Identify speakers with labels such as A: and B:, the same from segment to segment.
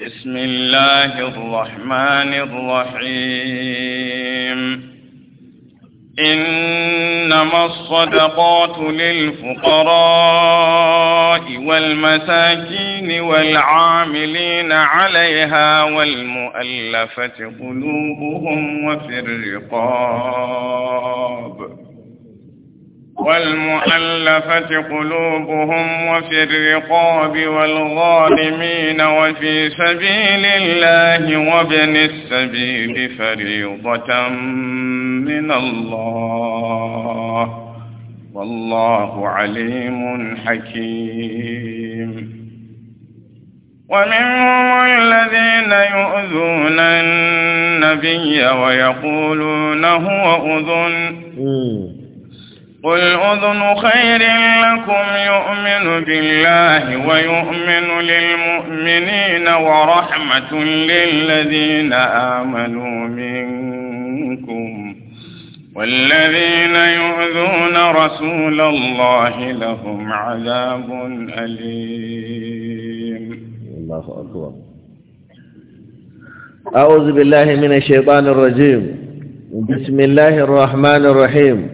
A: بسم الله الرحمن الرحيم إنما الصدقات للفقراء والمساكين والعاملين عليها والمؤلفة قلوبهم وفي الرقاب والمؤلفة قلوبهم وفي الرقاب والغالمين وفي سبيل الله وابن السبيل فريضة من الله والله عليم حكيم ومنهم الذين يؤذون النبي ويقولون هو أذن قل أذن خير لكم يؤمن بالله ويؤمن للمؤمنين ورحمة للذين آمنوا منكم والذين يؤذون رسول الله لهم عذاب أليم الله أكبر
B: أعوذ بالله من الشيطان الرجيم بسم الله الرحمن الرحيم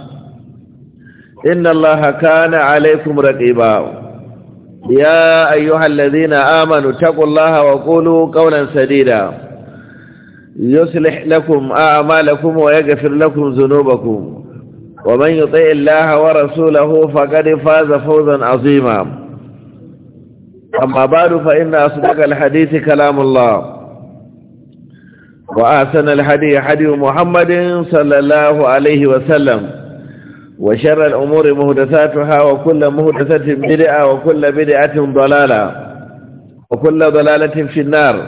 B: إن الله كان عليكم رقيبا يا أيها الذين آمنوا اتقوا الله وقولوا قولا سديدا يصلح لكم أعمالكم ويغفر لكم ذنوبكم ومن يطع الله ورسوله فقد فاز فوزا عظيما أما بعد فإن أصدق الحديث كلام الله وأحسن الحديث حديث محمد صلى الله عليه وسلم وشر الأمور مهدثاتها وكل مهدثة بدعة وكل بدعة ضلالة وكل ضلالة في النار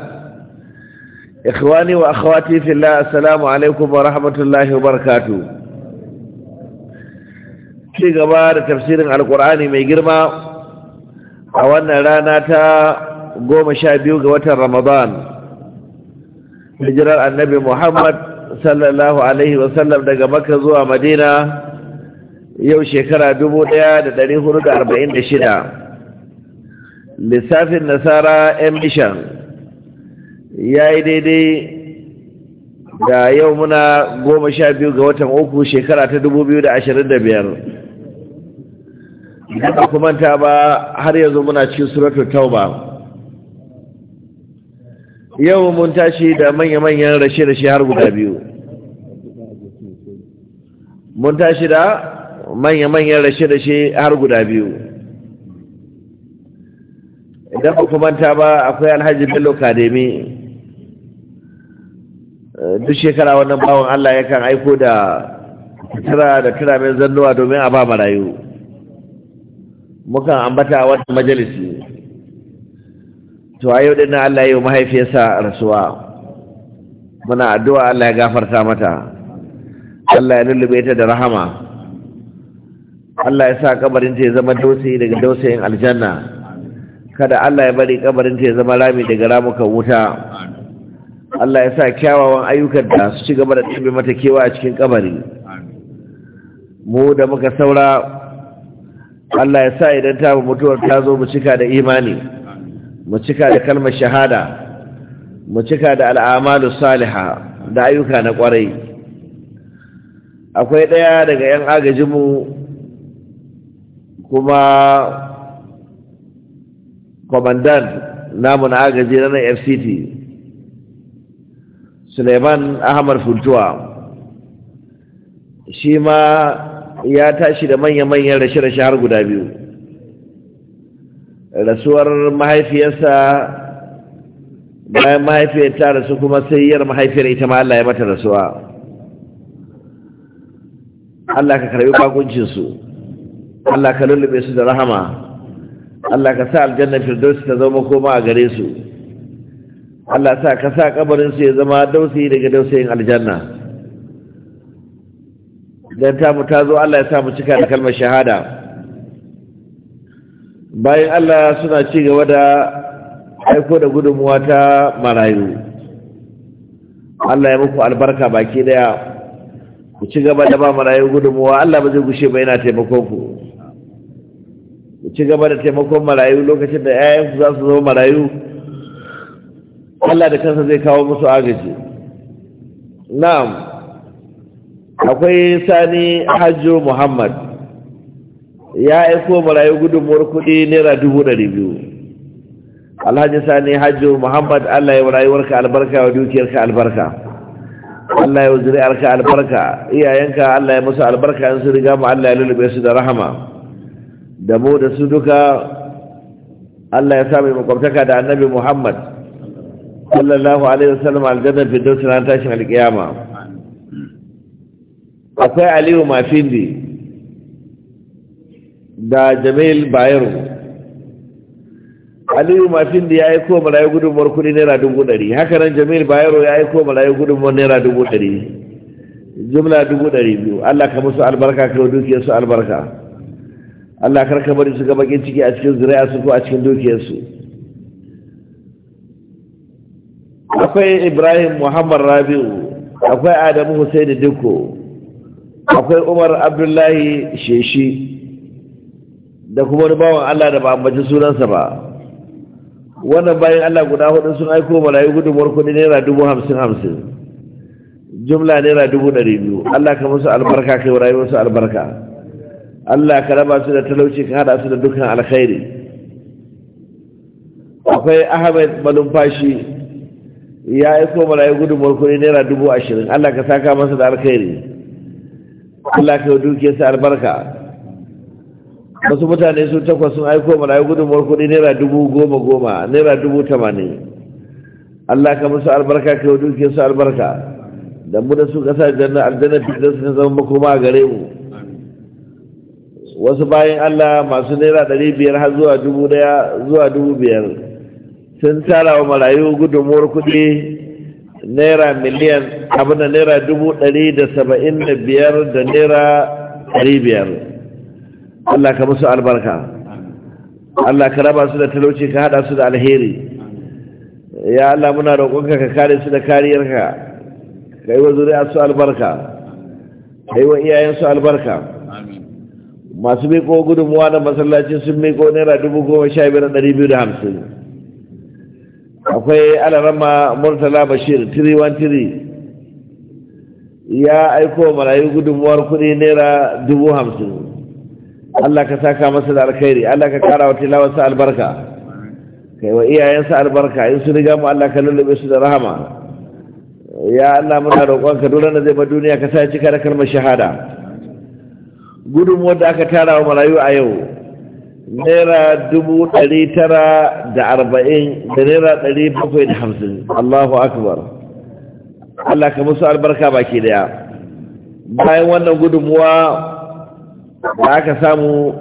B: إخواني وأخواتي في الله السلام عليكم ورحمة الله وبركاته في قبار تفسير على القرآن ميقرما أولنا لا ناتا قوم شابيو قوة رمضان هجرة النبي محمد صلى الله عليه وسلم دقى مكة زوى مدينة yau shekara dubu ɗaya da da da arba'in da shida, lissafin nasara yan mishan ya yi daidai da yau muna goma sha biyu ga watan uku shekara ta dubu biyu da da biyar. idan ba kumanta ba har yanzu muna cikin suratul tauba yau mun tashi da manya-manyan rashe-rashe har guda biyu mun tashi da manya-manyan rashe-rashe har guda biyu idan ba manta ba akwai alhaji bello kademi eh, duk shekara wannan bawan allah yakan aiko da tara da tara mai zannuwa domin a ba marayu mukan ambata a wata majalisi to a yau dinnan allah yau mahaifiyarsa rasuwa muna addu'a allah ya gafarta mata allah ya lullube ta da rahama Allah ya sa kabarin ta ya zama dausayi daga dausayin aljanna kada Allah ya bari kabarin ta zama rami daga ramukan wuta Allah ya sa kyawawan ayyukan da su ci gaba da tsibe mata kewa a cikin kabari mu da muka saura Allah ya sa idan ta mutuwar ta zo mu cika da imani mu cika da kalmar shahada mu cika da al'amalu saliha da ayyuka na kwarai akwai ɗaya daga 'yan agajinmu kuma kwamandan namu na agaji na fct suleiman ahmad fultuwa shi ma ya tashi da manya-manyan rashe-rashe har guda biyu rasuwar mahaifiyarsa bayan mahaifiyar ta rasu kuma sai yar mahaifiyar ita ma Allah ya mata rasuwa Allah ka karbi bakuncinsu Allah ka lullube su da rahama Allah ka sa aljanna firdausi ta zama koma a gare su Allah sa ka sa kabarin su ya zama dausayi daga dausayin aljanna dan ta mu ta zo Allah ya sa mu cika da kalmar shahada bayan Allah suna ci gaba da aiko da gudunmuwa ta marayu Allah ya muku albarka baki daya ku ci gaba da ba marayu gudunmuwa Allah ba zai gushe ba yana taimakon ku ku ci gaba da taimakon marayu lokacin da 'ya'yanku za su zama marayu Allah da kansa zai kawo musu agaji na'am akwai sani hajjo muhammad ya aiko marayu gudunmuwar kuɗi naira dubu ɗari biyu alhaji sani hajjo muhammad Allah ya yi rayuwarka albarka wa dukiyarka albarka Allah ya zuri'arka albarka iyayenka Allah ya musu albarka in su riga mu Allah ya lulube su da rahama da mu da su duka Allah ya sami makwabtaka da annabi Muhammad sallallahu alaihi wasallam aljanna fi dawsin an tashin alqiyama akwai Aliyu Mafindi da Jamil Bayero Aliyu Mafindi ya aiko gudun mar kudi naira dubu ɗari haka nan Jamil Bayero ya aiko gudun mar naira dubu ɗari jumla dubu ɗari biyu Allah ka musu albarka ka dukiyar su albarka Allah kamar bari su ga bakin ciki a cikin zuriya su ko a cikin dukiyarsu akwai Ibrahim Muhammad Rabi'u akwai Adamu Hussein Dukko akwai Umar Abdullahi Sheshi da kuma wani bawan Allah da ba ambaci sunansa ba wannan bayan Allah guda hudu sun aiko malayu gudunmuwar kudi naira dubu hamsin hamsin jumla naira dubu ɗari biyu Allah ka musu albarka kai rayuwarsu albarka Allah ka raba su da talauci ka hada su da dukkan alkhairi akwai ahmed malumfashi ya iso malayi gudun kuɗi naira dubu ashirin Allah ka saka masa da alkhairi Allah ka duke sa albarka wasu mutane su takwas sun aiko malayi gudun kuɗi naira dubu goma goma naira dubu tamanin Allah ka musu albarka ka duke su albarka dan mu da su kasa aljanna aljanna fitar su ta zama makoma a gare mu wasu bayan Allah masu naira ɗari biyar har zuwa dubu ɗaya zuwa dubu biyar sun tara wa marayu gudunmuwar kuɗi naira miliyan abin da naira dubu ɗari da saba'in da biyar da naira ɗari biyar Allah ka musu albarka Allah ka raba su da talauci ka haɗa su da alheri ya Allah muna roƙonka ka kare su da kariyarka ka yi wa zuri'a su albarka ka yi wa iyayensu albarka masu miko gudunmuwa na masallacin sun miƙo naira dubu goma sha biyar ɗari biyu da hamsin akwai alarama murtala bashir tiri wan tiri ya aiko marayu gudunmuwar kuɗi naira dubu hamsin allah ka saka masa da alkhairi allah ka kara wa tilawarsa albarka kai wa iyayensa albarka in su riga mu allah ka lullube su da rahama ya allah muna roƙonka dole na zai ba duniya ka sa cika da kalmar shahada gudun da aka tara wa marayu a yau naira dubu ɗari tara da arba'in da naira ɗari bakwai da hamsin allahu akbar allah ka musu albarka baki daya bayan wannan gudunmuwa da aka samu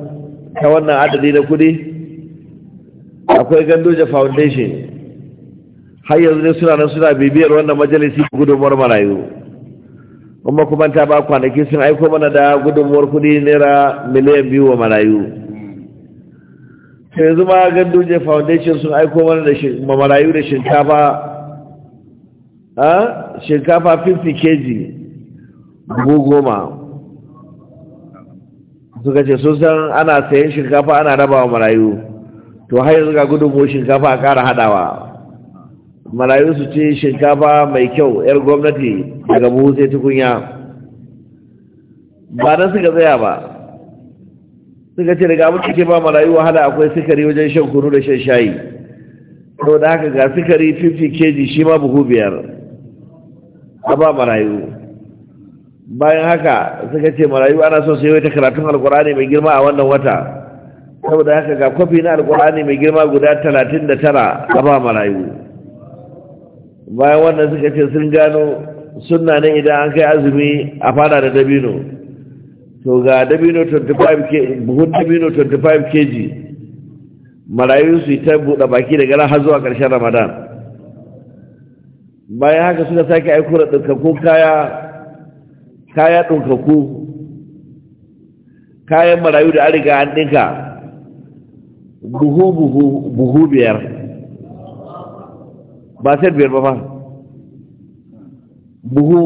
B: ta wannan adadi na kudi akwai gandoja foundation har yanzu ne suna nan suna bibiyar wannan majalisi gudunmuwar marayu kuma kuma ta ba kwanaki sun aiko mana da gudunmuwar kudi naira miliyan biyu wa marayu yanzu ma ganduje foundation sun aiko mana da marayu da shinkafa a shinkafa 50 kg dubu goma suka ce sun san ana sayan shinkafa ana raba wa marayu to har yanzu ga gudunmuwar shinkafa a kara haɗawa marayu su ce shinkafa mai kyau 'yar gwamnati daga buhu sai tukunya ba na suka tsaya ba suka ce daga abin ke ba marayu wahala akwai sikari wajen shan kunu da shan shayi sau da haka ga sukari 50 kg shi ma buhu biyar a ba marayu bayan haka suka ce marayu ana so su yi wata karatun alkurani mai girma a wannan wata saboda haka ga kwafi na alkurani mai girma guda 39 a ba marayu bayan wannan suka ce sun gano sunna ne idan an kai azumi a fara da dabino to ga dabino 25 kg buhun dabino 25 kg marayu su ta buɗe baki daga ran har zuwa ƙarshen ramadan bayan haka suka sake aiko da ɗaukaku kaya kaya ɗaukaku kayan marayu da an riga an ɗinka buhu buhu buhu biyar ba sai biyar ba buhu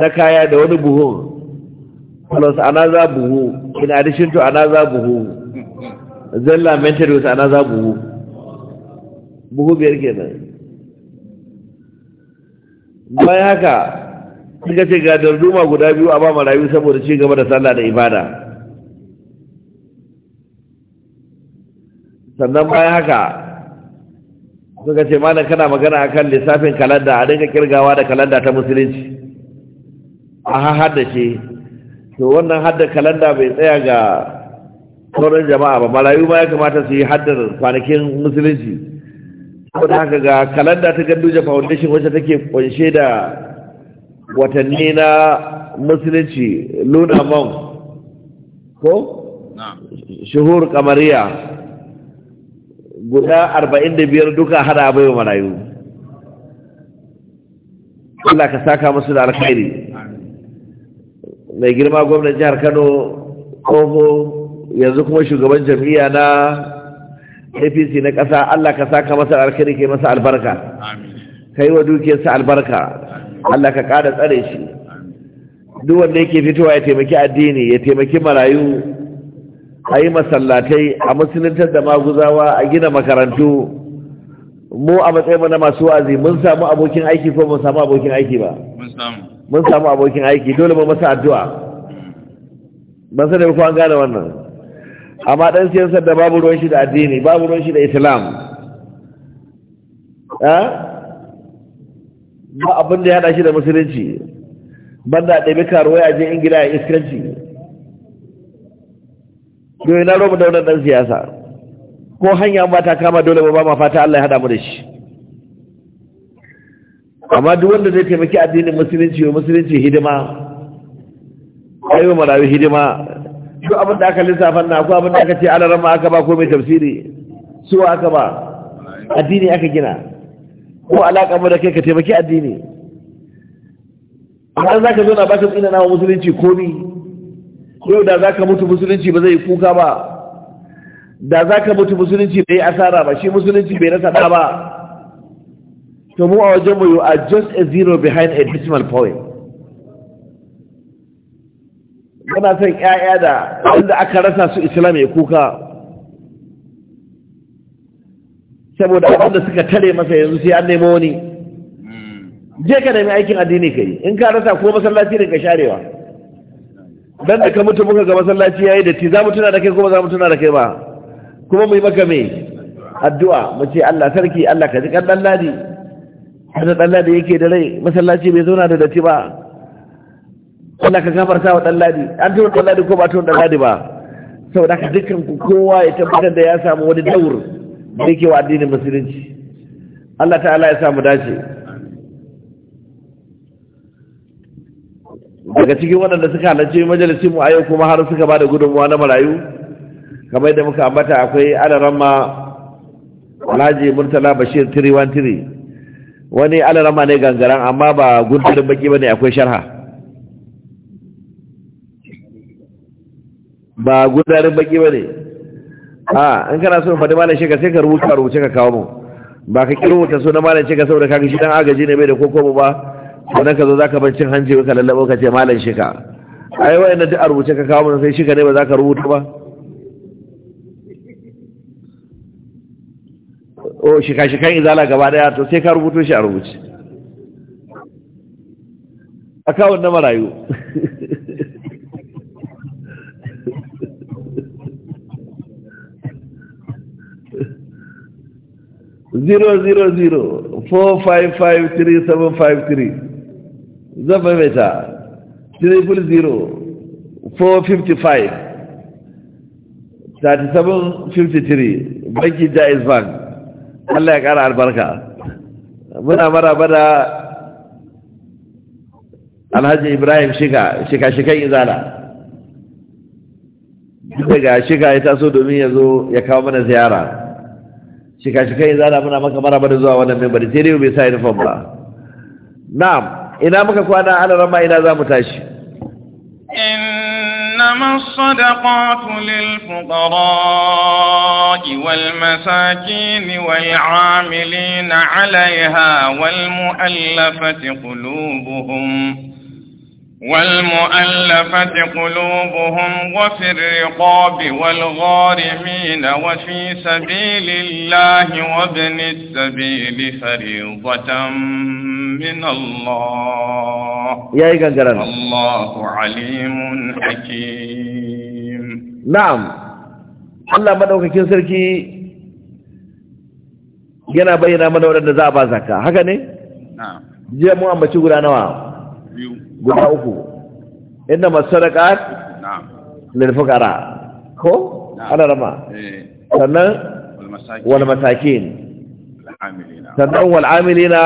B: na kaya da wani buhu plus za buhu in addition to za buhu then lamented with za buhu buhu biyar kenan bayan haka suka ce ga darduma guda biyu a ba marayu saboda ci gaba da sallah da ibada sannan bayan haka suka ce magana kana magana kan lissafin kalanda a dinga kirgawa da kalanda ta musulunci a hada ce to wannan hadda kalanda bai tsaya ga sauran jama'a ba malayu ma ya kamata su yi haddar kwanakin musulunci saboda haka ga kalanda ta ganduja foundation wacce take kunshe da watanni na musulunci luna month ko? shuhur kamariya guda arba'in da biyar duka hada bai marayu Allah ka saka musu da alkhairi mai girma gwamnan jihar kano kogo yanzu kuma shugaban jam'iyya na apc na ƙasa Allah ka saka masa alkhairi kai masa albarka kai wa dukiyarsa albarka Allah ka ƙara tsare shi duk wanda yake fitowa ya taimaki addini ya taimaki marayu a yi masallatai a musulunta da maguzawa a gina makarantu mu a matsayin na masu wa'azi mun samu abokin aiki ko mun samu abokin aiki ba mun samu abokin aiki dole mu masa addu'a ban sani ko an gane wannan amma dan siyasar da babu ruwan shi da addini babu ruwan shi da islam eh? ba abin da ya hada shi da musulunci banda ɗabi karuwa a je ingila a iskanci yau na roba da wannan dan siyasa ko hanya ba ta kama dole ba ma fata Allah ya hada mu da shi amma duk wanda zai taimaki addinin musulunci wa musulunci hidima ayo marawi hidima duk abin da aka lissafan na ko abin da aka ce ala ramma aka ba ko mai tafsiri su aka ba addini aka gina ko alaka mu da kai ka taimaki addini amma za ka zo na ba ka tsina na musulunci ni yau da za ka mutu musulunci ba zai kuka ba da za ka mutu musulunci bai asara ba shi musulunci bai rasa ɗa ba to mu a wajen mu you are just a zero behind a decimal point muna son ƴaƴa da wanda aka rasa su islam ya kuka saboda da suka tare masa yanzu sai an nemo wani hmm. je ka nemi aikin addini ka yi in ka rasa ko masallaci ne ka sharewa dan da ka mutu muka ga masallaci yayi da ti za mu tuna da kai kuma za mu tuna da kai ba kuma mu yi maka me addu'a mu ce Allah sarki Allah ka ji kan dan ladi hada dan ladi yake da rai masallaci bai zauna da dati ba Allah ka gafarta wa dan ladi an tuna dan ladi ko ba tuna dan ladi ba saboda ka dukkan ku kowa ya tabbatar da ya samu wani daur da yake wa addinin musulunci Allah ta'ala ya samu dace daga cikin waɗanda suka halarci majalisin mu a yau kuma har suka ba da gudunmuwa na marayu kamar yadda muka ambata akwai alarama alhaji murtala bashir Tiri. wani alarama ne gangaren amma ba guntarin baki ba ne akwai sharha ba guntarin baki ba ne a in kana so faɗi malam shekar sai ka rubuta rubuce ka kawo mu ba ka kirwuta rubuta suna malam shekar saboda kaga shi dan agaji ne bai da kokobo ba wanda ka zo za ka bancin hanci ka lallabo ka ce malam shika ai wayan da a rubuce ka kawo mana sai shika ne ba za ka rubuta ba o shika-shikan izala gaba daya to sai ka rubuto shi a rubuce akawun na marayu zero zero zero four five five three seven five three zan maimaita 300-455 3753 banki jais bank allah ya kara albarka muna maraba da alhaji ibrahim shika shika-shikan izala daga shika ya taso domin ya zo ya kawo mana ziyara shika-shikan izala muna maka maraba da zuwa wannan membari sai dai bai sa uniform ba na'am ina muka kwana ana rama ina za mu tashi
A: إنما الصدقات للفقراء والمساكين والعاملين عليها والمؤلفة قلوبهم والمؤلفة قلوبهم وفي الرقاب والغارمين وفي سبيل الله وابن السبيل فريضة من الله يا الله عليم حكيم
B: نعم الله مدعوك كنسركي yana bayyana mana waɗanda za a ba zaka haka ne? jiya mu ambaci guda nawa? biyu guda uku inda masarakat lilfukara
A: ko ana rama eh. sannan wal masakin sannan wal
B: amilina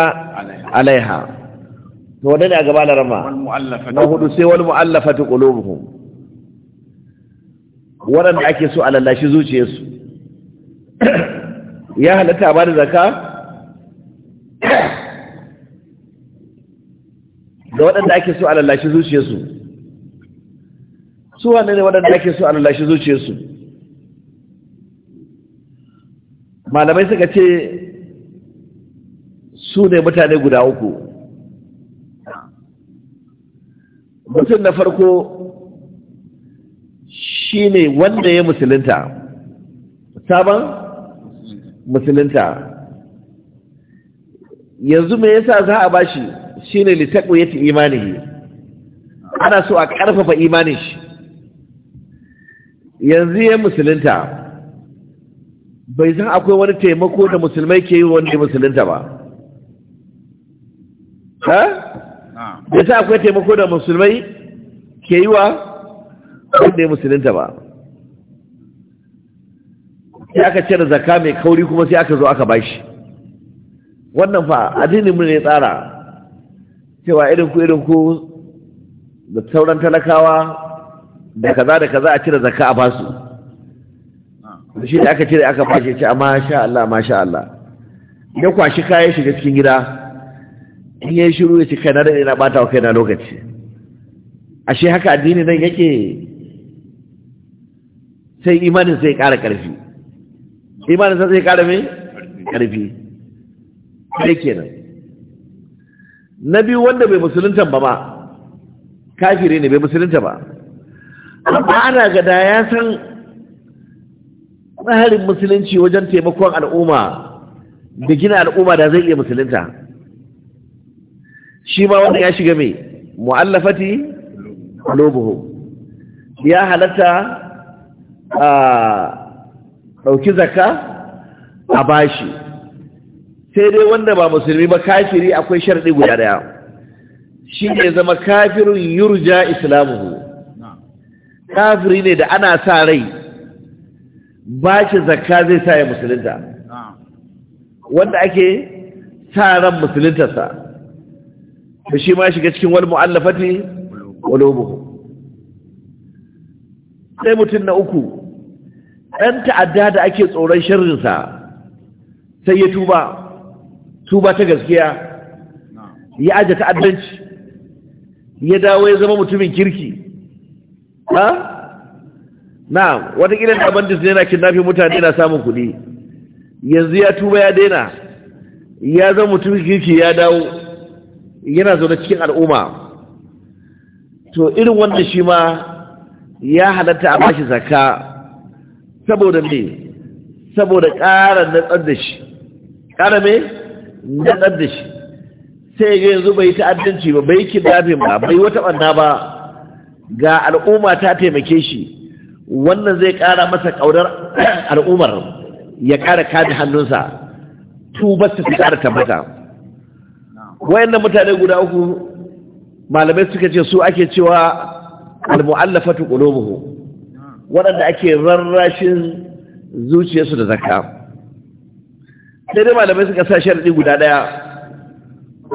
B: alaiha to wadanda a gaba na rama na hudu sai wal mu'allafatu qulubuhum wadanda ake so a lallashi zuciyarsu ya halatta ba da zakka ga waɗanda ake so a lallashi zuciyarsu su wane ne waɗanda ake so a lallashi zuciyarsu malamai suka ce su ne mutane guda uku mutum na farko shi ne wanda ya musulunta sabon musulunta yanzu me yasa za a bashi shine litaqwiyati imanihi ana so a ƙarfafa imanin shi yanzu ya musulunta bai san akwai wani taimako da musulmai ke yi wanda ya musulunta ba ha? bai zan akwai taimako da musulmai ke yi wa wanda ya musulunta ba sai aka cire zaka mai kauri kuma sai aka zo aka bashi wannan fa addinin mu ne tsara cewa irin ku irin ku da sauran talakawa da kaza da kaza a cire zakka a basu shi da aka cire aka fashe ce amma ah, sha Allah ma sha Allah ya kwashi kayan shiga cikin gida in yi shiru ya ci kai na da ina bata wa kai na lokaci ashe haka addini nan yake sai imanin sai ƙara ƙarfi imanin sai ƙara mai ƙarfi sai kenan na biyu wanda bai musulunta ba ba kafiri ne bai musulunta ba amma ana gada ya san tsarin musulunci wajen taimakon al'umma da gina al'umma da zai iya musulunta shi ma wanda ya shiga mai mu'allafati lobuhu ya halatta a ɗauki zakka a bashi sai dai wanda ba musulmi ba kafiri akwai sharɗi guda ɗaya shi ne zama kafirin yurja islamuhu kafiri ne da ana sa rai ba shi zakka zai sa ya musulunta wanda ake sa ran musuluntarsa to shi ma shiga cikin wani mu'allafati qulubuhu sai mutum na uku ɗan ta'adda da ake tsoron sharrinsa sai ya tuba tuba ta gaskiya ya aje ta'addanci ya dawo ya zama mutumin kirki ha na watakila da bandis ne na kidnapping mutane na samun kuɗi yanzu ya tuba ya daina ya zama mutumin kirki ya dawo yana zaune cikin al'umma to irin wanda shi ma ya halatta a bashi zakka saboda me saboda ƙara natsar da shi ƙara me naɗar da shi sai ga yanzu bai ta'addanci ba bai kidnapping ba bai wata ɓanna ba ga al'umma ta taimake shi wannan zai ƙara masa ƙaunar al'ummar ya ƙara kare hannunsa tubar su ƙara tabbata wayannan mutane guda uku malamai suka ce su ake cewa al-mu'allafatu qulubuhum waɗanda ake rarrashin zuciyarsu da zakka sai dai malamai suka sa sharɗi guda ɗaya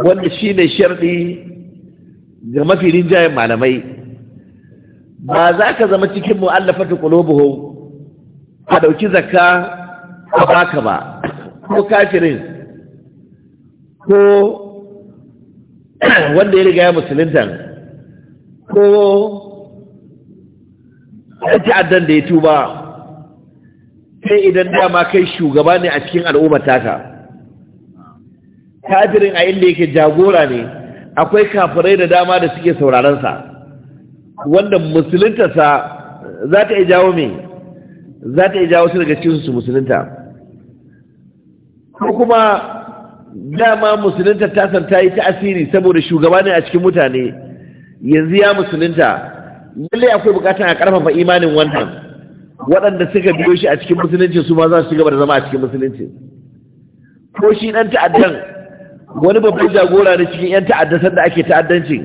B: wanda shi ne sharɗi ga mafi rinjayen malamai ba za ka zama cikin mu'allafatu qulubuhum ka ɗauki zakka a baka ba ko kafirin ko wanda ya riga ya musulintan ko ta'addan da ya tuba sai idan dama kai shugaba ne a cikin al'ummatata. kafirin a inda yake jagora ne akwai kafirai da dama da suke saurarensa wanda musuluntarsa za ta iya jawo me za ta iya jawo su daga cikin su musulunta ko kuma dama musulunta ta san ta yi ta asiri saboda shugaba ne a cikin mutane yanzu ya musulunta lallai akwai bukatar a karfafa imanin wannan waɗanda suka biyo shi a cikin musulunci su ma za su gaba da zama a cikin musulunci ko shi ɗan ta'addan wani babban jagora ne cikin 'yan ta'adda sanda ake ta'addanci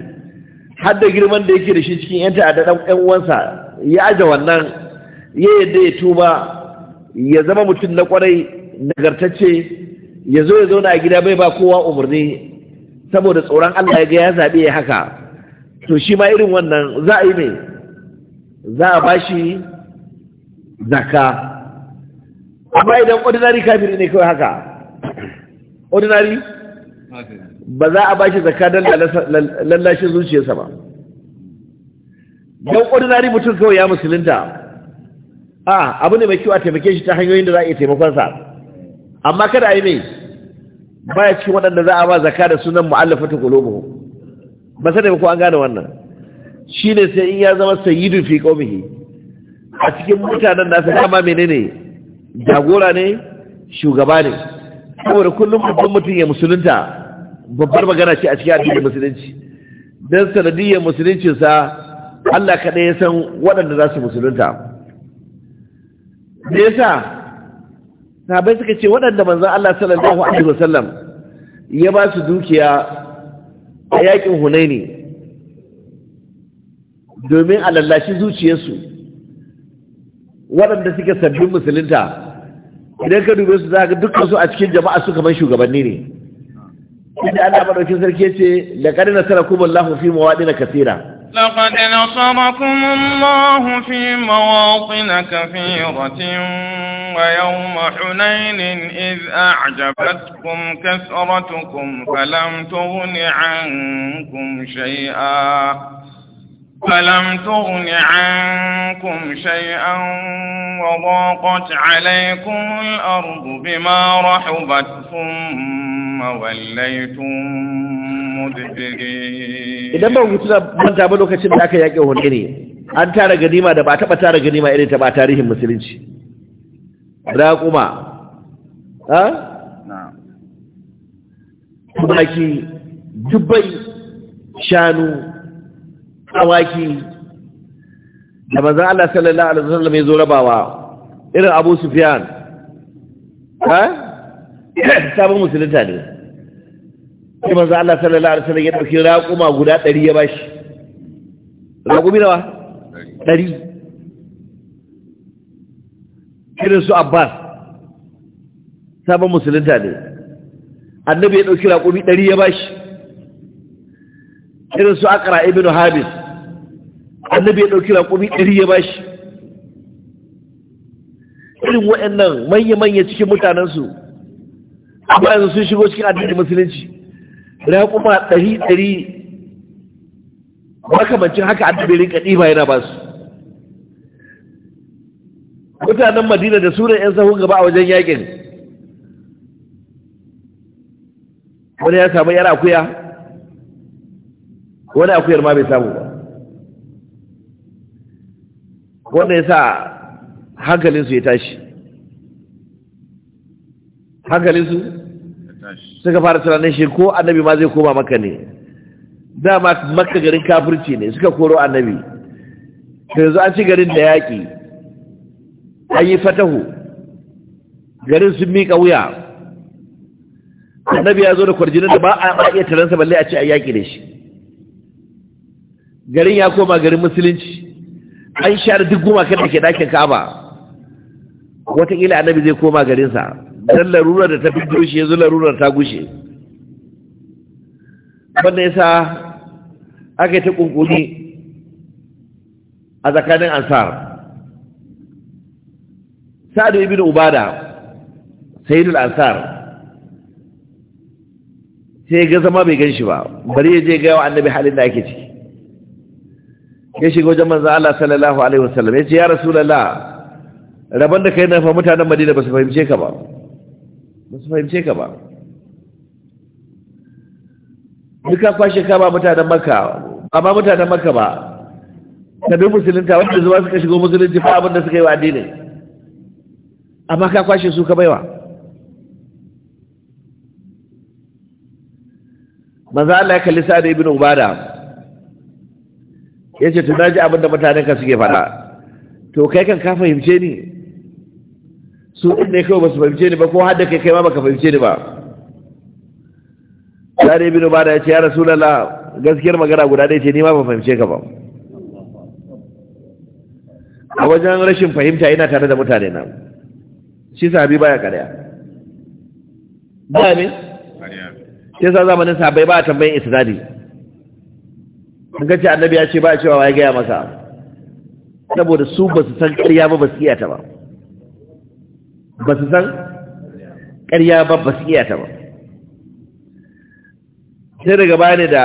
B: har da girman da yake da shi cikin 'yan ta'adda ɗan 'yan uwansa ya aje wannan ya yadda ya tuba ya zama mutum na kwarai nagartacce ya zo ya zauna a gida bai ba kowa umarni saboda tsoron Allah ya ga ya zaɓe ya haka to shi ma irin wannan za a yi ne za a bashi zaka amma idan ordinary kafiri ne kawai haka ordinary ba za a bashi zaka don lallashin zuciyarsa ba don ordinary mutum kawai ya musulunta a abu ne mai kyau a taimake shi ta hanyoyin da za a iya taimakonsa amma kada a yi mai baya cikin waɗanda za a ba zaka da sunan mu'allafatu qulubuhum ba sai ko an gane wannan Shi ne sai in ya zama sayyidu fi qaumihi a cikin mutanen nasu dama menene jagora ne shugaba ne saboda kullum babban mutum ya musulunta babbar magana ce a cikin addinin musulunci don sanadiyyar musuluncinsa Allah kaɗai ya san waɗanda za su musulunta me yasa sabai suka ce waɗanda manzon Allah sallallahu alaihi wasallam ya ba su dukiya a yakin Hunaini domin a lallashi zuciyarsu waɗanda suke sabbin musulunta idan ka dube su za ga dukkan su a cikin jama'a su kamar shugabanni ne inda Allah madaukin sarki ce laqad nasarakum Allahu fi mawadin kathira
A: لقد نصركم الله في مواطن كثيرة ويوم حنين إذ أعجبتكم كثرتكم فلم تغن عنكم شيئا فلم تغن عنكم منكم شيئا وضاقت عليكم الأرض بما رحبت ثم وليتم مدبرين
B: إذا ما an tara ganima da ba taɓa tara ganima irin ta ba tarihin musulunci raƙuma
A: ha? tumaki dubbai
B: shanu awaki da manzan Allah sallallahu alaihi wasallam ya zo rabawa irin Abu Sufyan ha sabon musulunta ne shi manzan Allah sallallahu alaihi wasallam ya dauki raƙuma guda 100 ya bashi raƙumi nawa 100 irin su Abbas sabon musulunta ne annabi ya ɗauki raƙumi ɗari ya bashi irin su akara ibn habis annabi ya ɗauki raƙumi ɗari ya bashi irin waɗannan manya-manya cikin mutanensu amma yanzu sun shigo cikin addinin musulunci raƙuma ɗari ɗari makamancin haka annabi rinka ɗiba yana ba su mutanen madina da sunan 'yan sahun gaba a wajen yakin wani ya samu yar akuya wani akuyar ma bai samu ba wanda ya sa hankalinsu ya tashi hankalinsu suka fara tunanin shi ko annabi ma zai koma maka ne dama maka garin kafirci ne suka koro annabi yanzu an ci garin da yaƙi an yi fatahu garin sun miƙa wuya annabi ya zo da kwarjinin da ba a iya taransa balle a ce a yaƙi da shi garin ya koma garin musulunci an share duk gumakan da ke dakin kaba watakila annabi zai koma garinsa don larurar da ta fi shi yanzu larurar ta gushe wanda ya sa aka yi ta ƙunƙuni a tsakanin ansar sa'adu ibn ubada sayidul ansar sai ga zama bai gan shi ba bari ya je ga annabi halin da ake ciki ya shiga wajen manzan Allah sallallahu alaihi wasallam ya ce ya rasulallah rabon da kai na fa mutanen Madina ba su fahimce ka ba ba su fahimce ka ba duka kwashe ka ba mutanen Makka ba ba mutanen Makka ba ka bi musulunta wanda zuwa suka shigo musulunci fa abinda suka yi wa addini amma ka kwashe su ka baiwa manzan Allah ya kalli Sa'ad ibn Ubada ya ce tuna ji abinda mutanen ka suke faɗa to kai kan ka fahimce ni su in ne kawai ba su fahimce ni ba ko hada kai kai ma baka fahimce ni ba sare bin ubada ya ce ya rasu lala gaskiyar magana guda ɗaya ce ni ma ba fahimce ka ba a wajen rashin fahimta ina tare da mutane na shi sahabi baya karya ba ne? shi sa zamanin sahabai ba a tambayin isnadi ga ce annabi ya ce ba cewa wa ya gaya masa saboda su ba su san ƙarya ba ba su iya ta ba ba su san ƙarya ba ba su iya ta ba sai daga baya ne da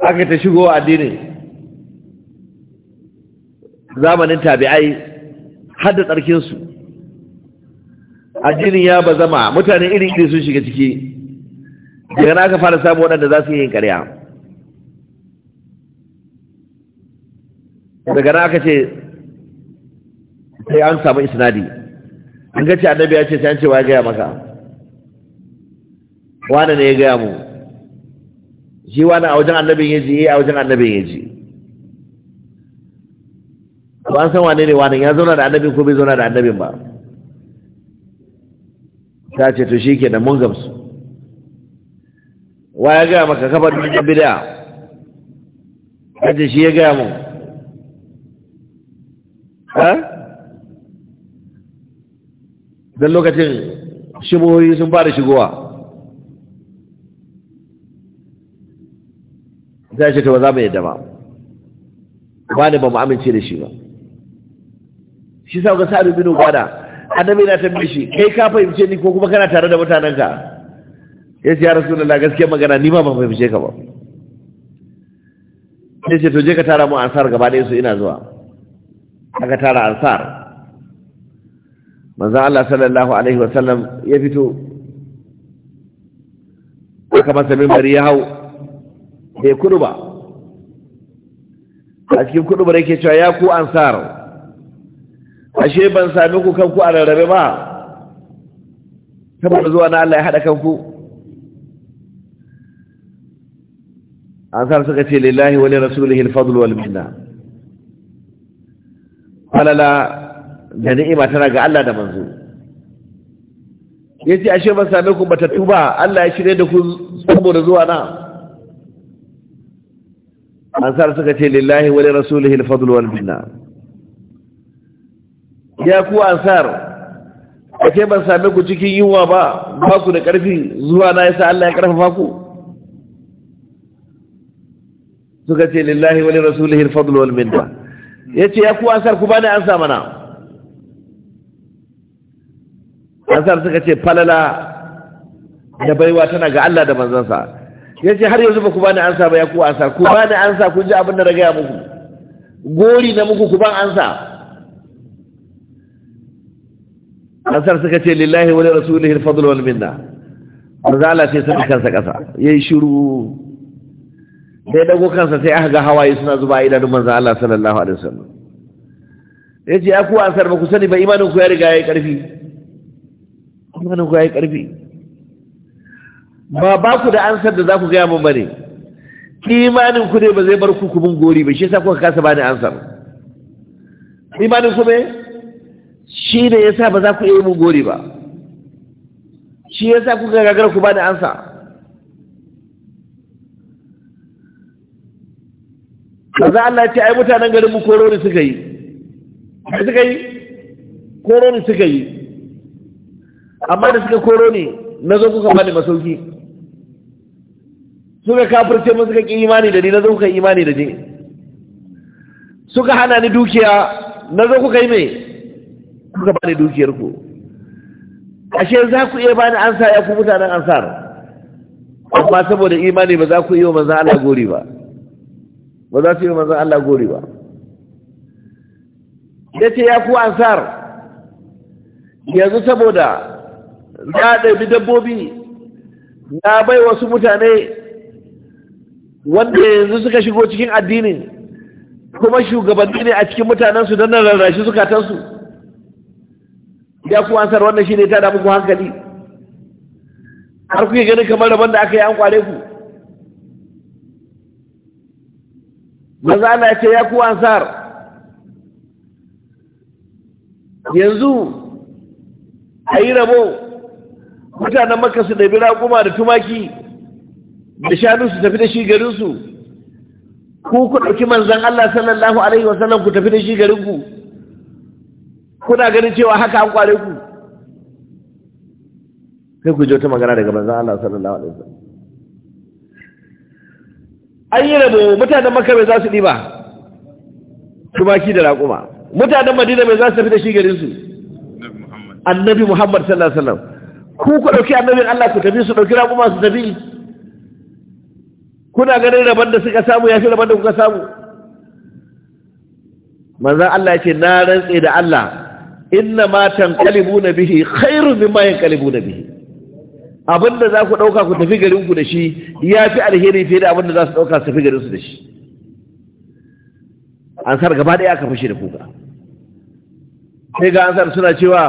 B: aka ta shigo addinin zamanin tabi'ai har da tsarkinsu addinin ya ba zama mutane iri iri sun shiga ciki daga na aka fara samu waɗanda za su yi yin ƙarya daga na aka ce sai an samu isnadi an ga ce annabi ya ce sai an ce wa ya gaya maka wane ne ya gaya mu shi wani a wajen annabin ya ji eh, a wajen annabin ya ji ba an san wane ne wani ya zauna da annabin ko bai zauna da annabin ba ta ce to shi ke da mun gamsu wa ya gaya maka kafa dukkan bida ta ce shi ya gaya mun don lokacin shibohi sun fara shigowa zai ce ta ba za mu yadda ba ba ne ba mu amince da shi ba shi sa ga sa'adu bin gwada. annabi na tambaye shi kai ka fahimce ni ko kuma kana tare da mutanenka ya ce ya rasulullah gaskiyar magana ni ma ba fahimce ka ba sai ce to je ka tara mu ansar gaba ɗaya su ina zuwa aka tara ansar manzan Allah sallallahu Alaihi wasallam ya fito aka masa mimbari ya hau ya kudu ba a cikin kudu ba yake cewa ya ku ansar ashe ban sami ku kanku a rarrabe ba saboda zuwa na Allah ya haɗa kanku ansar suka ce lillahi wa li rasulihi al-fadl wal minna falala da ni'ima tana ga Allah da manzo yace ashe ban same ku bata tuba Allah ya shirye da ku saboda zuwa na ansar suka ce lillahi wa li rasulihi al-fadl wal minna ya ku ansar ashe ban same ku cikin yunwa ba ba ku da karfi zuwa na yasa Allah ya karfafa ku suka ce lillahi wa li rasulihi al-fadl wal minna ya ce ya ku ansar ku bani ansa mana ansar suka ce falala da baiwa tana ga Allah da sa. ya ce har yanzu ba ku bani ansa ba ya ku ansa? ku bani ansa kun ji abin da na gaya muku gori na muku ku ban ansa ansar suka ce lillahi wa rasulihi al-fadl wal minna manzo Allah sai sun kansa kasa yayi shiru sai dago kansa sai aka ga hawaye suna zuba idanun manzon Allah sallallahu alaihi wasallam yace ya ku ansar ba ku sani ba imanin ku ya riga yi karfi imanin ku yi karfi ba ba ku da ansar da za ku ga mun bane imanin ku ne ba zai bar ku ku mun gori ba shi yasa kuka kasa bani ansar imanin ku ne? shi ne yasa ba za ku yi mun gori ba shi yasa kuka gagara ku bani ansar za Allah ce ai mutanen garin mu korori suka yi suka yi korori suka yi amma da suka koro ne na zo kuka bani masauki suka kafirce mu suka ki imani da ni na zo kuka imani da ni suka hana ni dukiya na zo kuka yi me kuka bani dukiyar ku ashe za ku iya bani ansa ya ku mutanen ansar amma saboda imani ba za ku iya manzo Allah gori ba ba za su yi manzan Allah gori ba ya ce ya ku ansar yanzu saboda a ɗabi dabbobi na bai wasu mutane wanda yanzu suka shigo cikin addinin kuma shugabanni ne a cikin mutanensu don na rarrashi zukatansu ya ku ansar wannan shi ne ta damu ku hankali har kuke ganin kamar rabon da aka yi an kware ku maza Allah ya ce ya ku ansar yanzu a yi rabo mutanen maka su ɗabi raƙuma da tumaki da shanu su tafi da shi garinsu ku ku ɗauki manzan Allah sallallahu alaihi wasallam ku tafi da shi garinku kuna ganin cewa haka an kware ku sai ku ji wata magana daga manzan Allah sallallahu alaihi wasallam an yi rabo mutanen maka mai za su ɗiba tumaki da raƙuma mutanen madina mai za su tafi da shi garinsu annabi muhammad sallallahu alaihi wasallam ku ku ɗauki annabin allah ku tafi su ɗauki raƙuma su tafi kuna ganin rabon da suka samu ya fi rabon da kuka samu manzan allah ya ce na rantse da allah inna ma na bihi khairu mimma na bihi abin da za ku ɗauka ku tafi garin ku da shi ya fi alheri fiye da abin da za su ɗauka su tafi garinsu da shi ansar gaba ɗaya aka fashe da kuka sai ga ansar suna cewa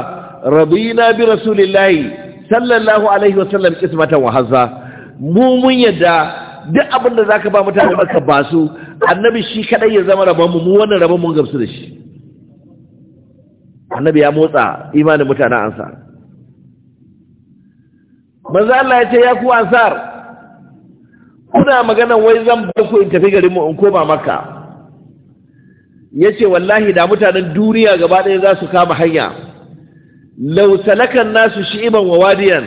B: rabina bi rasulillahi sallallahu alaihi wasallam ismatan wa hazza mu mun yadda duk abin da zaka ba mutane barka ba su annabi shi kadai ya zama rabon mu mu wannan rabon mun gamsu da shi annabi ya motsa imanin mutanen ansar manzo Allah ya ce ya ku ansar kuna magana wai zan bar ku in tafi garin mu in koma makka yace wallahi da mutanen duniya gaba ɗaya za su kama hanya law salaka nasu shi'iban wa wadiyan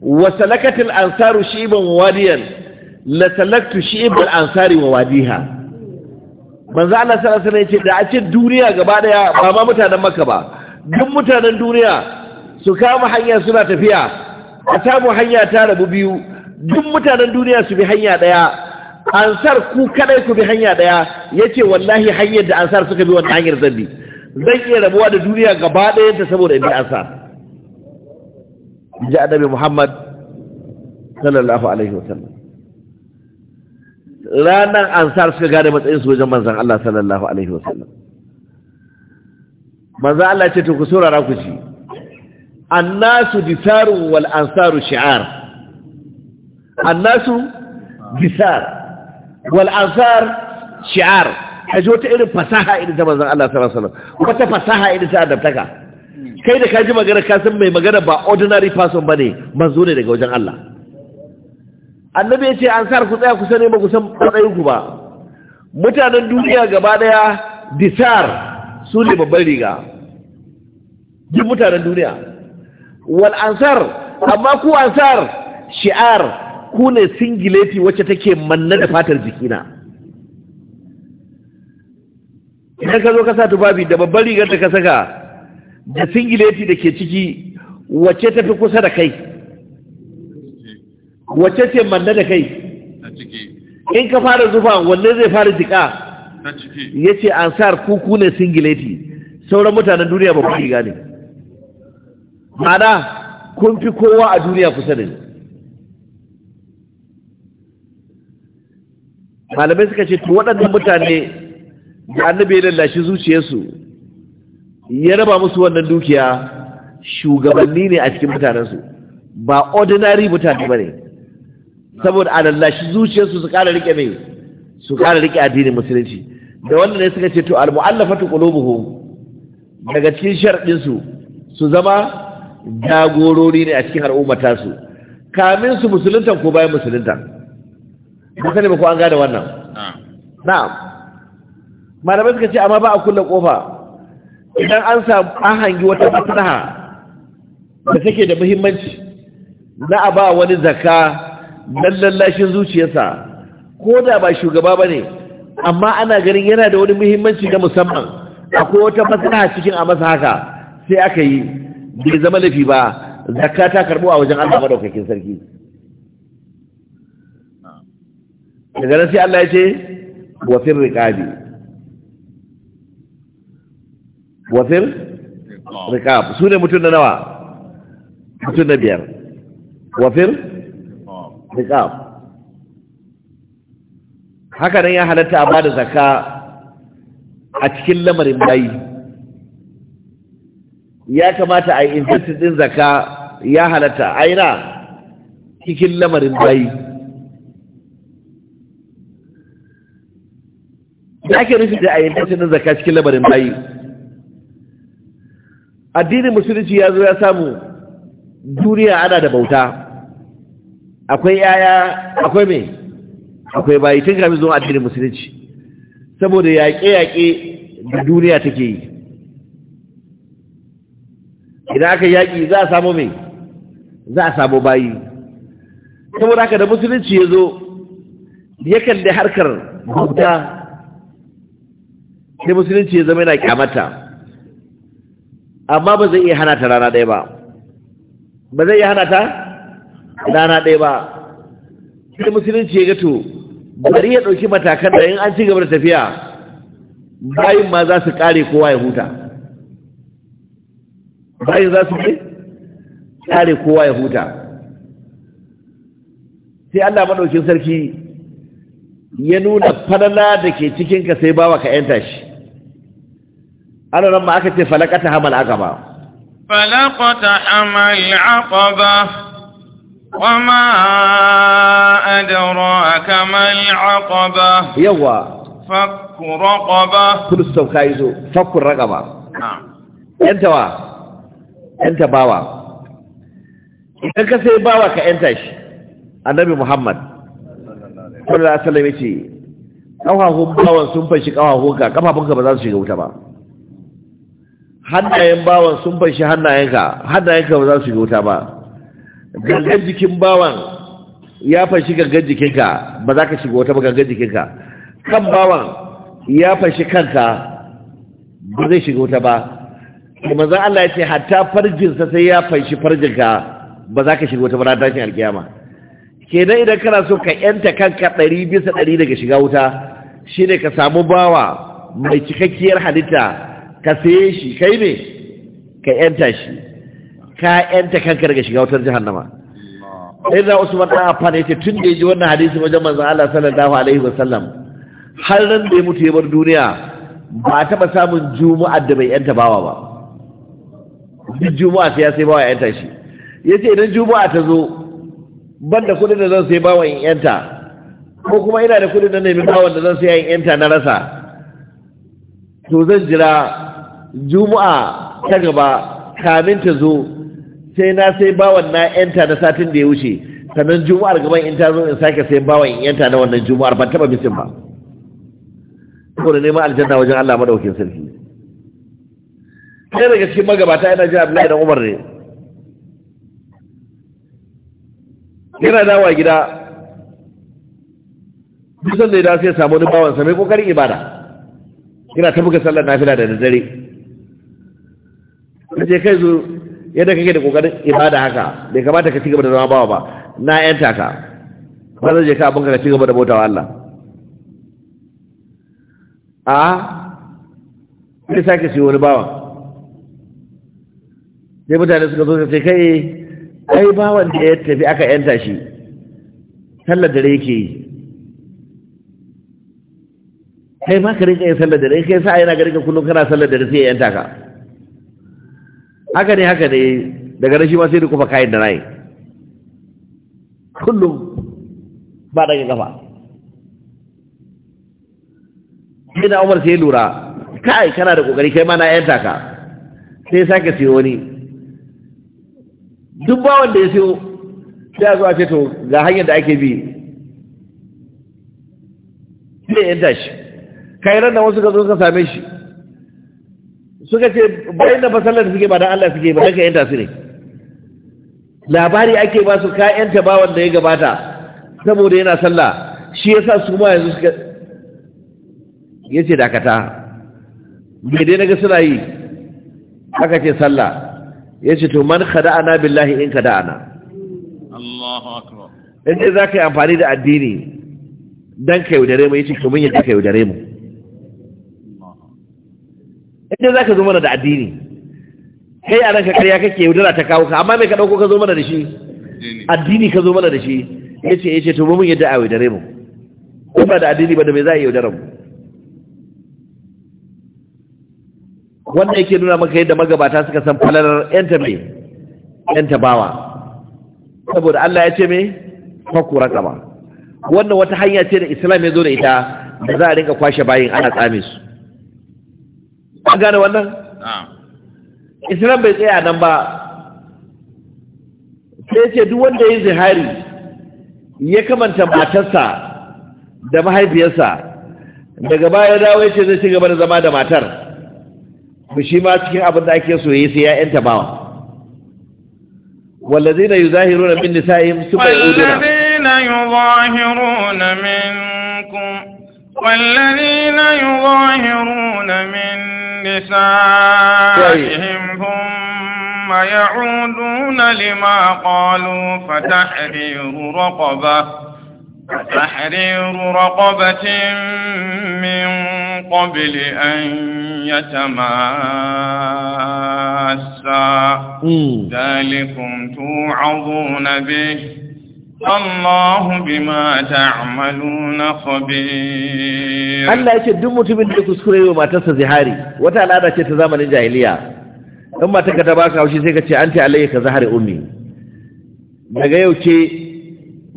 B: wa salakat al-ansaru shi'iban wa wadiyan la salaktu shi'ib al-ansari wa wadiha manzo Allah sallallahu alaihi wasallam yace da a ce duniya gaba ɗaya ba ma mutanen makka ba duk mutanen duniya su kama hanya suna tafiya a samu hanya ta rabu biyu duk mutanen duniya su bi hanya ɗaya ansar ku kadai ku bi hanya ɗaya yace wallahi hanyar da ansar suka bi wannan hanyar zan bi zan iya rabuwa da duniya gaba ɗaya ta saboda in bi ansar ji annabi Muhammad sallallahu alaihi wasallam ranar ansar suka gane matsayin su wajen manzon Allah sallallahu alaihi wasallam manzon Allah ce to ku saurara ku ci annasu disarun wal ansaru shi'ar annasu disar wal ansar shi'ar kaji wata irin fasaha irin ta manzon Allah sallallahu alaihi wasallam wata fasaha irin ta adabtaka kai da kaji magana ka san mai magana ba ordinary person bane manzo ne daga wajen Allah annabi yace ansar ku tsaya ku sani ba ku san matsayin ku ba mutanen duniya gaba daya disar su ne babban riga duk mutanen duniya wal ansar amma ku ansar shi'ar ku ne singileti wacce take manna da fatar jikina idan ka zo ka sa tufafi da babbar rigar da ka saka da singileti da ke ciki wacce ta fi kusa da kai wacce ce manna da kai in ka fara zufa wanne zai fara jika ya ce ansar kuku ne singileti sauran mutanen duniya babbar riga ne ma'ana kun fi kowa a duniya kusa da ni malamai suka ce to waɗannan mutane da annabi ya lashe zuciyarsu ya raba musu wannan dukiya shugabanni ne a cikin mutanensu ba ordinary mutane ba ne saboda a lallashi zuciyarsu su ƙara rike mai su ƙara rike addinin musulunci da wannan ne suka ce to al-mu'allafatu qulubuhum daga cikin sharadin su su zama jagorori ne a cikin al'umma su kamin su musulunta ko bayan musulunta ba sani ba ko an gada wannan na'am malamai suka ce amma ba a kulle kofa idan an samu an hangi wata maslaha da take da muhimmanci na a ba wani zaka nan lallashin zuciyarsa ko da ba shugaba ba ne amma ana ganin yana da wani muhimmanci ga musamman akwai wata maslaha cikin a masa haka sai aka yi bai zama laifi ba zakka ta karbo a wajen Allah madaukakin sarki daga nan sai Allah ya ce wafir riqabi wafir riqab su ne mutum na nawa mutum na biyar wafir riqab haka nan ya halatta a bada zakka a cikin lamarin bayi ya kamata a yi investin din zaka ya halatta aina cikin lamarin bayi da ake rufi da a yi investin din zaka cikin lamarin bayi addinin musulunci ya zo ya samu duniya ana da bauta akwai yaya akwai mai akwai bayi tun kafin zuwa addinin musulunci saboda yaƙe-yaƙe da duniya take yi idan aka yaƙi za a samu mai za a samu bayi saboda haka da musulunci ya zo yakan da harkar bauta sai musulunci ya zama yana kyamata amma ba zai iya hana ta rana ɗaya ba ba zai iya hana ta rana ɗaya ba sai musulunci ya gato bari ya ɗauki matakan da in an ci gaba da tafiya bayin ma za su ƙare kowa ya huta bayan za su ne tsare kowa ya huta sai Allah maɗaukin sarki ya nuna falala da ke cikinka sai bawa ka yanta shi ana nan ma aka ce falakata hamal aqaba
A: falakata hamal aqaba wama aka mal aqaba yawa fakku raqaba
B: kudu sauka zo fakku raqaba na'am yantawa yanta bawa idan ka sai bawa ka yanta shi annabi muhammad sallallahu alaihi wasallam yace ƙafafun bawan sun fashi kafafun ka kafafun ka ba za su shiga wuta ba hannayen bawan sun fashi hannayen ka hannayen ka ba za su shiga wuta ba gangan jikin bawan ya fashi gangan jikinka ba za ka shiga wata ba gangan jikinka kan bawan ya fashi kanka ba zai shiga wuta ba kuma Allah ya ce hatta farjinsa sai ya fanshi farjinka ba za ka shiga wata bara tashin alkiyama kenan idan kana so ka yanta kanka ɗari bisa ɗari daga shiga wuta shine ka samu bawa mai cikakkiyar halitta ka saye shi kai ne ka yanta shi ka yanta kanka daga shiga wutar jahannama sai da Usman dan Affan yace tun da yaji wannan hadisi wajen manzon Allah sallallahu alaihi wasallam har nan da ya mutu ya bar duniya ba taɓa samun juma'a da bai yanta bawa ba duk juma'a sai ya sai bawa yanta shi ya ce idan juma'a ta zo ban da kudin da zan sai bawa in yanta ko kuma ina da kudin da nemi bawa da zan sai yanta na rasa to zan jira juma'a ta gaba kamin ta zo sai na sai bawan na yanta na satin da ya wuce sannan juma'ar gaban in ta zo in sake sai bawa in yanta na wannan juma'ar ban taba misin ba da neman aljanna wajen Allah madaukakin sarki ɗaya daga cikin magabata yana jin abdullahi da umar ne yana dawa gida duk da ya dace ya samu wani bawansa mai kokarin ibada yana ta buga sallar nafila da daddare na je kai zu yadda kake da kokarin ibada haka bai kamata ka cigaba da zama bawa ba na yanta ka ba zai je ka abinka ka cigaba da bautawa Allah a sai sake siyo wani bawan sai mutane suka zo sai kai ai ba wanda ya tafi aka yanta shi sallar dare yake yi kai ma ka rinka yin sallar dare kai sa yana ga rinka kullum kana sallar dare sai ya yanta ka haka ne haka ne daga rashi ma sai da kufa kayan da nayi kullum ba ga gafa sai da umar sai lura kai kana da kokari kai ma na yanta ka sai sake siyo wani duk ba da ya siyo sai a zuwa ce to ga hanyar da ake bi sai ya tashi kai ran da wasu ka zo ka same shi suka ce bayan da fasallar suke ba dan Allah suke ba yanta su ne. labari ake ba su ka yanta bawan da ya gabata saboda yana sallah shi yasa su ma yanzu suka yace dakata me dai naga suna yi aka ce sallah ce to man khada'ana billahi in khada'ana
A: Allahu akbar
B: idan zaka yi amfani da addini dan ka yaudare mu yace to mun yadda ka yaudare mu In za zaka zo mana da addini kai a ranka karya kake yaudara ta kawo ka amma mai ka dauko ka zo mana da shi addini ka zo mana da shi yace yace to mun yadda a yaudare mu ba da addini ba da mai za a yaudare mu wannan yake nuna maka yadda magabata suka san falalar yanta mai yanta bawa saboda Allah ya ce me faku raqaba wannan wata hanya ce da Islam ya zo da ita da za a rinka kwashe bayin ana tsame su an gane wannan Islam bai tsaya nan ba sai ce duk wanda ya zihari ya kamanta matarsa da mahaifiyarsa daga baya dawo ya ce zai ci gaba da zama da matar to shi ma cikin abin da ake so yayi sai ya yanta bawa والذين يظاهرون من نسائهم ثم يعودون
A: والذين يظاهرون منكم والذين يظاهرون من نسائهم ثم يعودون لما قالوا فتحرير رقبه وتحرير رقبة من قبل أن يتماسا ذلكم توعظون به الله بما تعملون خبير
B: Allah yake duk mutumin da kuskure wa matarsa zihari wata al'ada ce ta zamanin jahiliya in matarka ta baka haushi sai ka ce anti alayka zahari ummi daga yau ke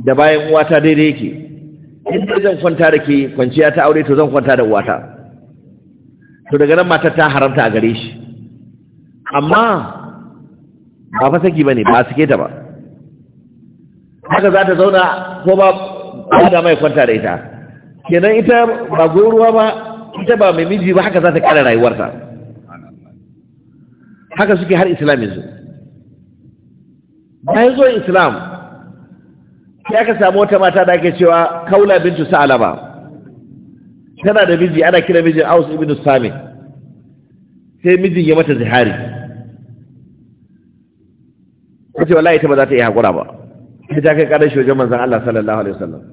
B: da bayan uwata daidai yake in zan kwanta da ke kwanciya ta aure to zan kwanta da uwata to daga nan matar ta haramta a gare shi amma ba fa saki bane ba suke ta ba haka za ta zauna ko ba ba da mai kwanta da ita kenan ita ba goruwa ba ita ba mai miji ba haka za ta kara rayuwarta haka suke har islam yanzu bayan zuwan islam sai aka samu wata mata da ake cewa kaula bintu sa'alaba tana da miji ana kira mijin aus ibn sami sai mijin ya mata zihari kace wallahi ita ba za ta yi hakura ba sai ta kai karar shi wajen manzon Allah sallallahu alaihi wasallam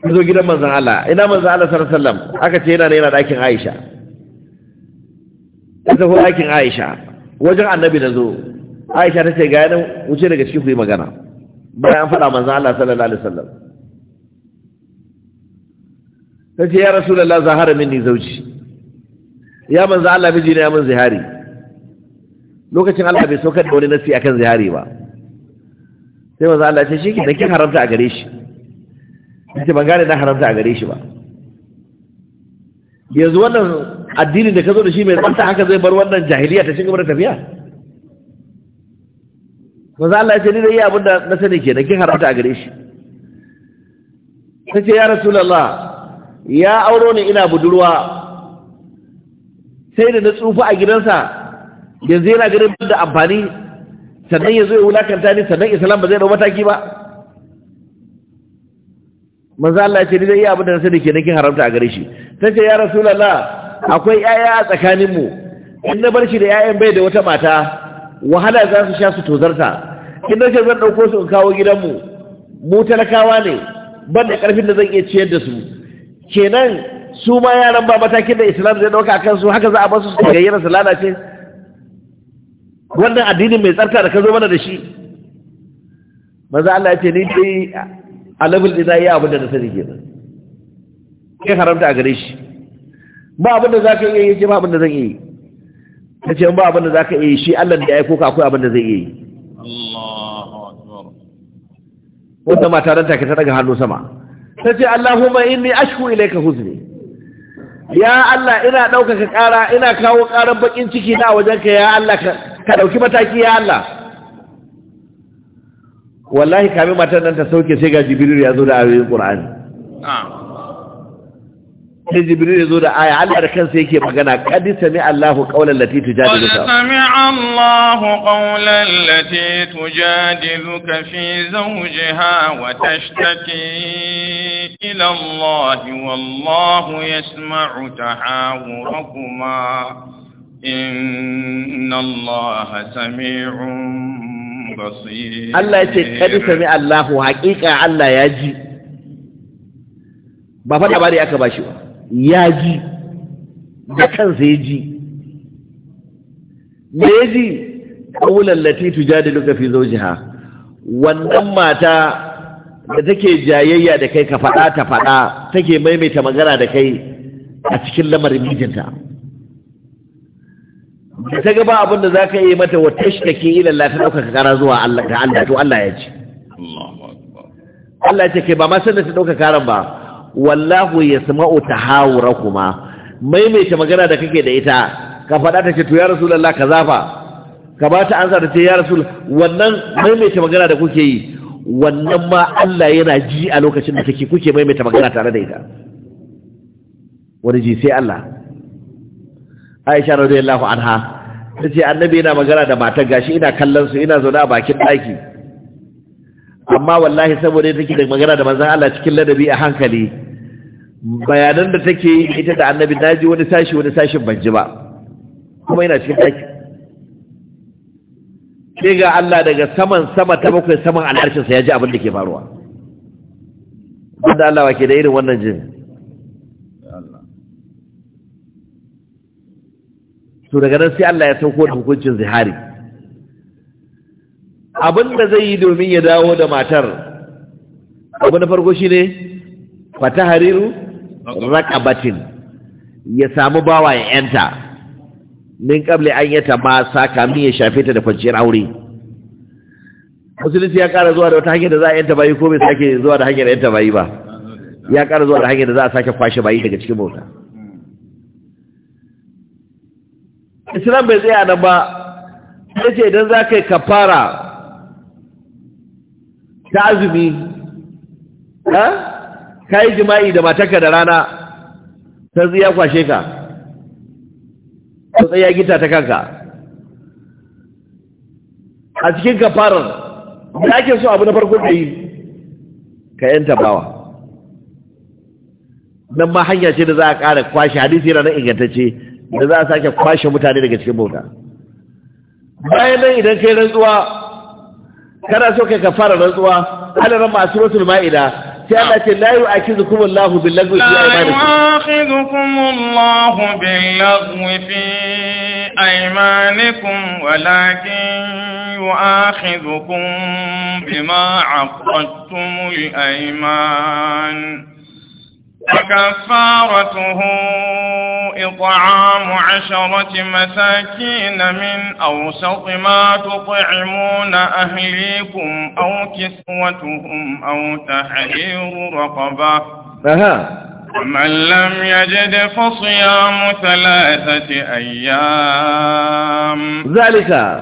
B: ta zo gidan manzon Allah ina manzon Allah sallallahu alaihi wasallam aka ce yana ne yana dakin Aisha ta tafi dakin Aisha wajen annabi da zo Aisha ta ce ga yana wuce daga cikin ku yi magana bayan faɗa manzan Allah sallallahu alaihi wasallam ta ce ya rasulullah zahara minni zauji ya manzan Allah miji ne ya mun zihari lokacin Allah bai saukar da wani nasi akan zihari ba sai manzan Allah ce shi ke da haramta a gare shi ce ban gane na haramta a gare shi ba yanzu wannan addinin da ka zo da shi mai tsanta haka zai bar wannan jahiliya ta gaba da tafiya Maza Allah ya ce ni da iya abin da na sani kenan kin haramta a gare shi Ta ce ya rasulullah ya auro ni ina budurwa sai da na tsufa a gidansa yanzu yana ganin da amfani sannan ya zo ya wulakanta ni sannan islam ba zai dau mataki ba manzo Allah ya ce ni da iya abin da na sani kenan kin haramta a gare shi Ta ce ya rasulullah akwai ‘ya'ya a tsakaninmu in na bar shi da ‘ya'yan bai da wata mata wahala za su sha su tozarta kin dace zan ɗauko su in kawo gidanmu mu talakawa ne ban da ƙarfin da zan iya ciyar da su kenan su ma yaran ba matakin da islam zai ɗauka a su, haka za a basu su gayyana su lalace wannan addini mai tsarka da ka zo mana da shi maza Allah ya ce ni dai a level din na yi abin da na sani kenan ke haramta a gare shi ba abin da za ka iya yi ke ba abin da zan iya yi ta ce ba abin da zaka iya yi shi Allah da ya aiko ka akwai abin da zai iya yi wanda mata don take ta daga hannu sama ta ce Allahumma inni ashku ilayka huzni ya Allah ina ɗaukaka ƙara ina kawo ƙaran bakin ciki na wajenka ya Allah ka ɗauki mataki ya Allah wallahi kamin matan nan ta sauke sai ga jibril ya zo da ayoyin qur'ani جبريل يقول آية على أركان سيكي مغنى قد سمع الله قول التي تجادلك قد
A: سمع الله قول التي تجادلك في زوجها وتشتكي إلى الله والله يسمع تحاوركما إن الله سميع بصير الله يسمع قد سمع
B: الله حقيقة الله يجي بفتح باري أكباشي ya ji da kansa ya ji me ya ji ƙaunar latitu duka fi jiha wannan mata da take jayayya da kai ka faɗa ta faɗa take maimaita magana da kai a cikin lamarin mijinta da ta gaba abin da za ka yi mata wata shkake ila lafi ɗaukar ɗaukaka kara zuwa Allah ga Allah to Allah ya ce Allah ya ce kai ba ma da ta ɗaukaka karan ba wallahu yasma'u kuma maimaita magana da kake da ita ka faɗa ta ce to ya rasulallah kaza fa ka ba ta ansa ta ce ya rasul wannan maimaita magana da kuke yi wannan ma Allah yana ji a lokacin da take kuke maimaita magana tare da ita wani ji sai Allah Aisha radiyallahu anha tace annabi yana magana da matar gashi ina kallon su ina zaune a bakin daki amma wallahi saboda take da magana da manzon Allah cikin ladabi a hankali bayanan da take yi ita da annabi naji wani sashi wani sashin ban ji ba kuma yana cikin daki sai ga Allah daga saman sama ta bakwai saman al'arshin sa ya ji abin da ke faruwa wanda Allah wake da irin wannan jin to daga nan sai Allah ya sauko da hukuncin zihari abin da zai yi domin ya dawo da matar abu na farko shi ne fata hariru rakabatin ya samu bawa ya yanta min kable an yata ma kamin ya shafe ta da kwanciyar aure musulunci ya kara zuwa da wata hanyar da za a yanta bayi ko bai sake zuwa da hanyar yanta bayi ba ya kara zuwa da hanyar da za a sake kwashe bayi daga cikin bauta islam bai tsaya nan ba ya ce idan za ka yi kafara ta azumi ha ka jima'i da matarka da rana ta ziya kwashe ka sai ya gita ta kanka a cikin kafarar da ake so abu na farko da yi ka yanta bawa nan ma hanya ce da za a ƙara kwashe hadisi yana nan ingantacce da za a sake kwashe mutane daga cikin bauta bayan nan idan kai rantsuwa kana so kai kafara rantsuwa alaran ma suratul ma'ida لا يؤاخذكم الله باللغو في أيمانكم
A: لا يؤاخذكم الله باللغو في أيمانكم ولكن يؤاخذكم بما عقدتم الأيمان وكفارته إطعام عشرة مساكين من أوسط ما تطعمون أهليكم أو كسوتهم أو تحرير رقبة أها ومن لم يجد فصيام ثلاثة أيام ذلك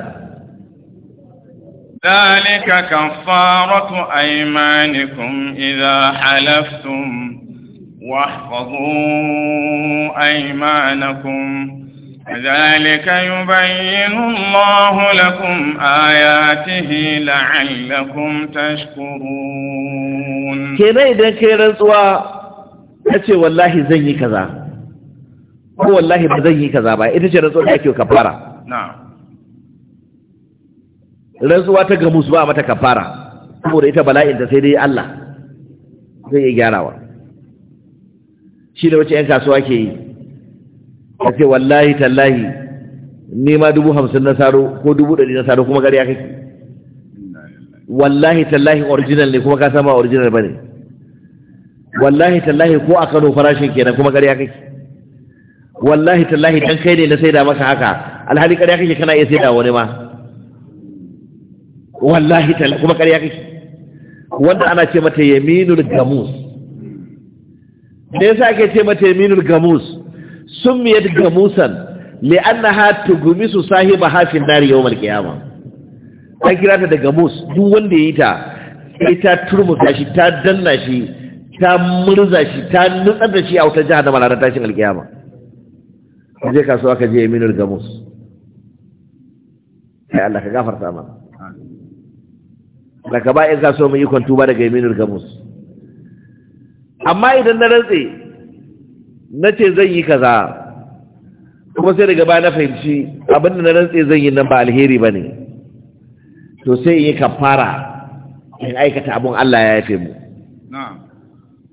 A: ذلك كفارة أيمانكم إذا حلفتم واحفظوا أيمانكم كذلك يبين الله لكم آياته لعلكم تشكرون كنا إذا كيرت و
B: أتي والله زني كذا ko wallahi ba zan yi kaza ba ita ce rantsuwar da ake kafara rantsuwa ta gamus ba mata kafara saboda ita bala'in sai dai Allah zai iya gyarawa shi da wace 'yan kasuwa ke yi a ce wallahi tallahi nema dubu hamsin na saro ko dubu ɗari na saro kuma gari ya kake wallahi tallahi original ne kuma ka sama original ba ne wallahi tallahi ko a kano farashin kenan kuma gari ya kake wallahi tallahi dan kai ne na saida maka haka alhali ya kake kana iya saida wani ma wallahi tallahi kuma gari ya kake wanda ana ce mata yaminul gamus da yasa ake ce mata yaminul gamus Sun da gamusan li'annaha tugumisu sahibaha fi nar yawm al-qiyamah an kira ta da gamus duk wanda yi ta sai ta turmuka shi ta danna shi ta murza shi ta nutsar da shi a wutar da ranar tashin alkiyama je kasuwa ka je yaminul gamus sai Allah ka gafarta mana daga ba in kasuwa mu yi kwantuba daga yaminul gamus amma idan na rantse na ce zan yi kaza kuma sai daga baya na fahimci abinda na rantse zan yi nan ba alheri ba ne to sai yi kafara in aikata abin Allah ya yafe mu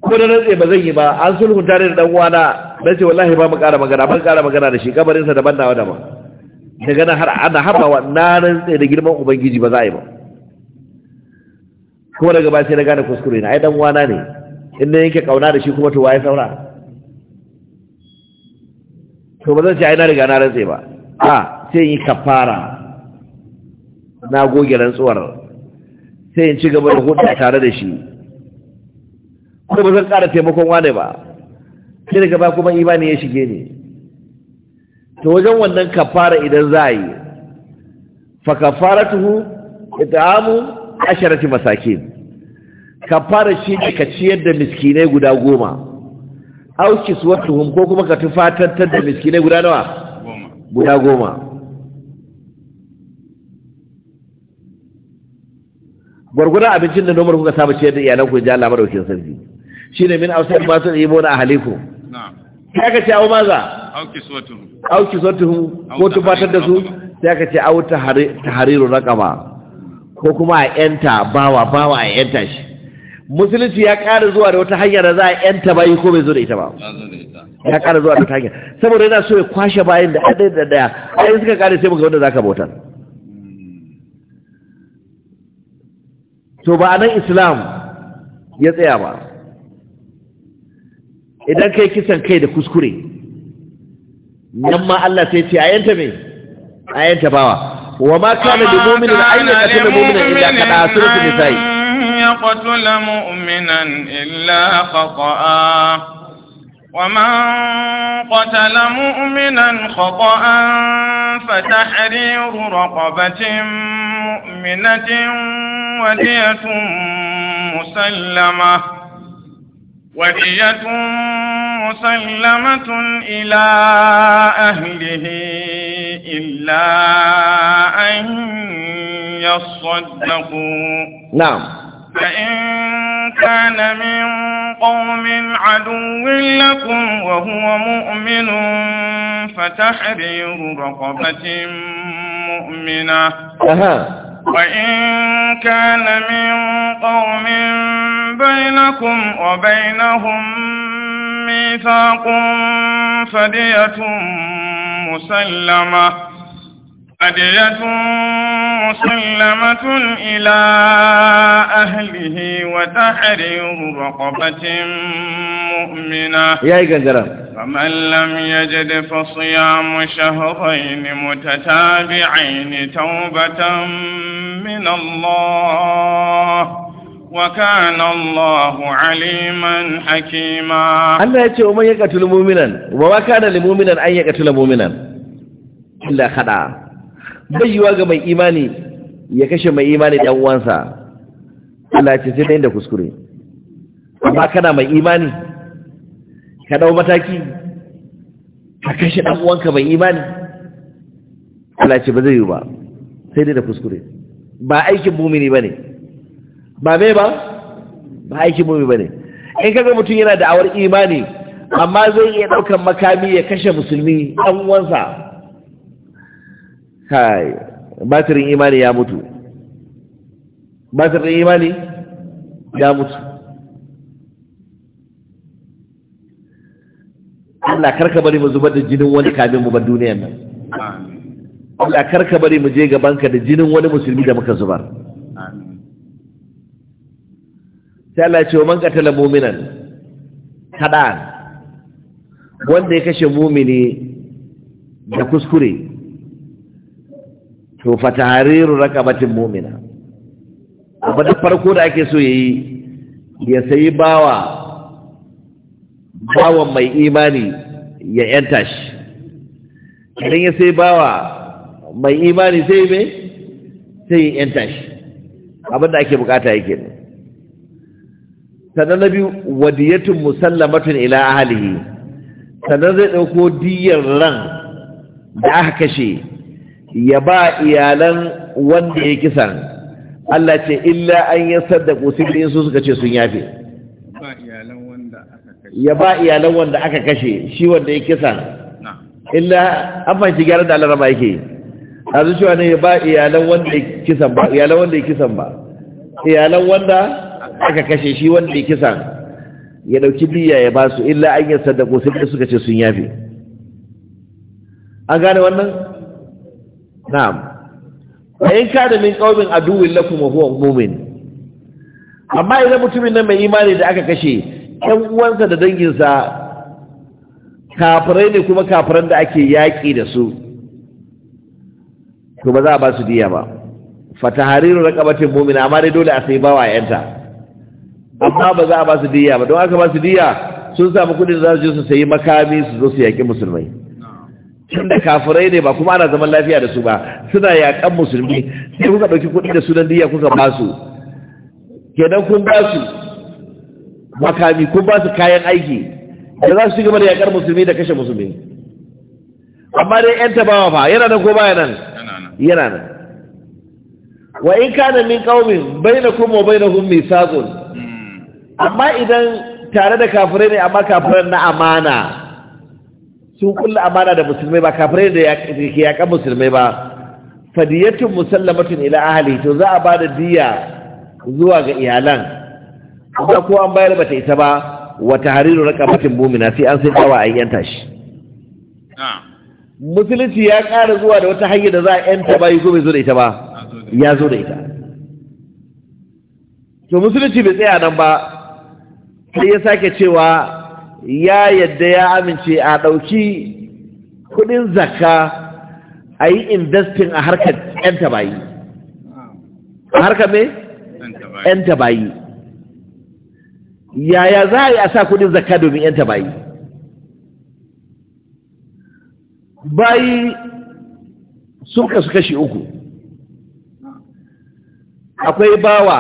B: ko da rantse ba zan yi ba an sulhu tare da dan uwana na ce wallahi ba mu ƙara magana ban ƙara magana da shi kabarinsa daban nawa daban daga nan har ana haɓa wa na rantse da girman ubangiji ba za a yi ba kuma daga ba sai na gane kuskure na ai dan uwana ne inda yake kauna da shi kuma to waye saura to ba zan ce ai na riga na rantse ba a sai yi kafara na goge rantsuwar sai in ci gaba da hudu tare da shi ko ba zan ƙara taimakon wane ba sai daga ba kuma imani ya shige ni to wajen wannan kafara idan za a yi fa kafaratuhu it'amu asharati masakin Ka fara shi ne ka ciyar da miskinai guda goma auki wata ko kuma ka tufatantar da miskinai guda nawa guda goma gwargwadon abincin da nomar kuka saba ciyar da iyalan ku ja lamar sarki shi ne min ausar masu da ibo na haliku. ya ka ce au maza auki suwatuhum ko tufatar da su sai ka ce au na kama ko kuma a yanta bawa bawa a yanta shi musulunci ya ƙara zuwa da wata hanya da za a yanta bayi ko bai zo da ita ba ya ƙara zuwa da wata hanya saboda yana so ya kwashe bayan da ɗaya da ɗaya ayin suka ƙare sai muka wanda za ka bautar to ba a nan islam ya tsaya ba idan kai kisan kai da kuskure nan ma Allah sai ce a yanta me a yanta bawa wa ma kana da mu'minin ayyana ta da mu'minin illa kada suratul nisa'i
A: يقتل مؤمنا إلا خطأ ومن قتل مؤمنا خطأ فتحرير رقبة مؤمنة ودية مسلمة ودية مسلمة إلى أهله إلا أن يصدقوا نعم فإن كان من قوم عدو لكم وهو مؤمن فتحرير رقبة مؤمنة وإن كان من قوم بينكم وبينهم ميثاق فدية مسلمة أدية مسلمة إلى أهله وتحرير رقبة مؤمنة يا فمن لم يجد فصيام شهرين متتابعين توبة من الله وكان الله عليما حكيما
B: أنا يتي ومن يقتل مؤمنا وما كان لمؤمنا أن يقتل مؤمنا إلا خدعه bai yiwa ga mai imani ya kashe mai imani dan uwansa Allah ce sai dai da kuskure amma kana mai imani ka dau mataki ka kashe dan uwanka mai imani Allah ce ba zai yi ba sai dai da kuskure ba aikin mumini bane ba me ba ba aikin mumini bane in kaga mutum yana da awar imani amma zai iya daukan makami ya kashe musulmi dan uwansa kai batirin imani ya mutu batirin imani ya mutu Allah karka bari mu zubar da jinin wani kamin mu bar duniyar nan Allah karka bari mu je gabanka da jinin wani musulmi da muka zubar sai Allah ya ce wa man qatala mu'minan kada wanda ya kashe mumini da kuskure to fa tahriru raqabatin mu'mina abu da farko da ake so yayi ya sayi bawa bawan mai imani ya yanta shi idan ya sai bawa mai imani sai me sai ya yanta shi abin da ake bukata yake ne sannan na biyu wadiyatun musallamatun ila ahalihi sannan zai ɗauko diyar ran da aka kashe ya ba iyalan wanda ya kisan Allah ce illa an ya saddaku sai in su suka ce sun yafe ya ba iyalan wanda aka kashe shi wanda ya kisan illa an fahimci gyaran da Allah raba yake a zuciwa ne ya ba iyalan wanda ya kisan ba iyalan wanda ya kisan ba iyalan wanda aka kashe shi wanda ya kisan ya dauki biya ya ba su illa an ya saddaku sai suka ce sun yafe an gane wannan na'am wa in kana min qaumin aduwwin lakum wa huwa mu'min amma idan mutumin nan mai imani da aka kashe ɗan uwansa da danginsa kafirai ne kuma kafiran da ake yaƙi da su to ba za a ba su diya ba fatahariru raqabatin mumin amma dai dole a sai bawa yanta amma ba za a ba su diya ba don aka ba su diya sun samu da za su je su sayi makami su zo su yaƙi musulmai tunda kafirai ne ba kuma ana zaman lafiya da su ba suna yaƙan musulmi sai kuka ɗauki kuɗi da sunan diya kuka ba su kenan kun ba su makami kun ba su kayan aiki da za su shiga da yaƙar musulmi da kashe musulmi amma dai yan tabawa fa yana nan ko baya nan yana nan wa in kana min qaumin bainakum wa bainahum misaqun hmm. amma idan tare da kafirai ne amma kafiran na amana sun kulla amana da musulmai ba kafirai da ke yakan musulmai ba fadiyatun musallamatun ila ahali to za a ba da diya zuwa ga iyalan kuma ko an bayar bata ita ba wa tahriru raqabatin mu'mina sai an sai dawa a yanta shi musulunci ya ƙara zuwa da wata hanyar da za a yanta ba yugo bai zo da ita ba ya zo da ita to musulunci bai tsaya nan ba sai ya sake cewa ya yadda ya amince a ɗauki kudin zakka a yi investin a harkar 'yan tabayi a harkar me? 'yan tabayi yaya za a yi a sa kudin zakka domin 'yan tabayi bayi sun kasu kashi uku akwai bawa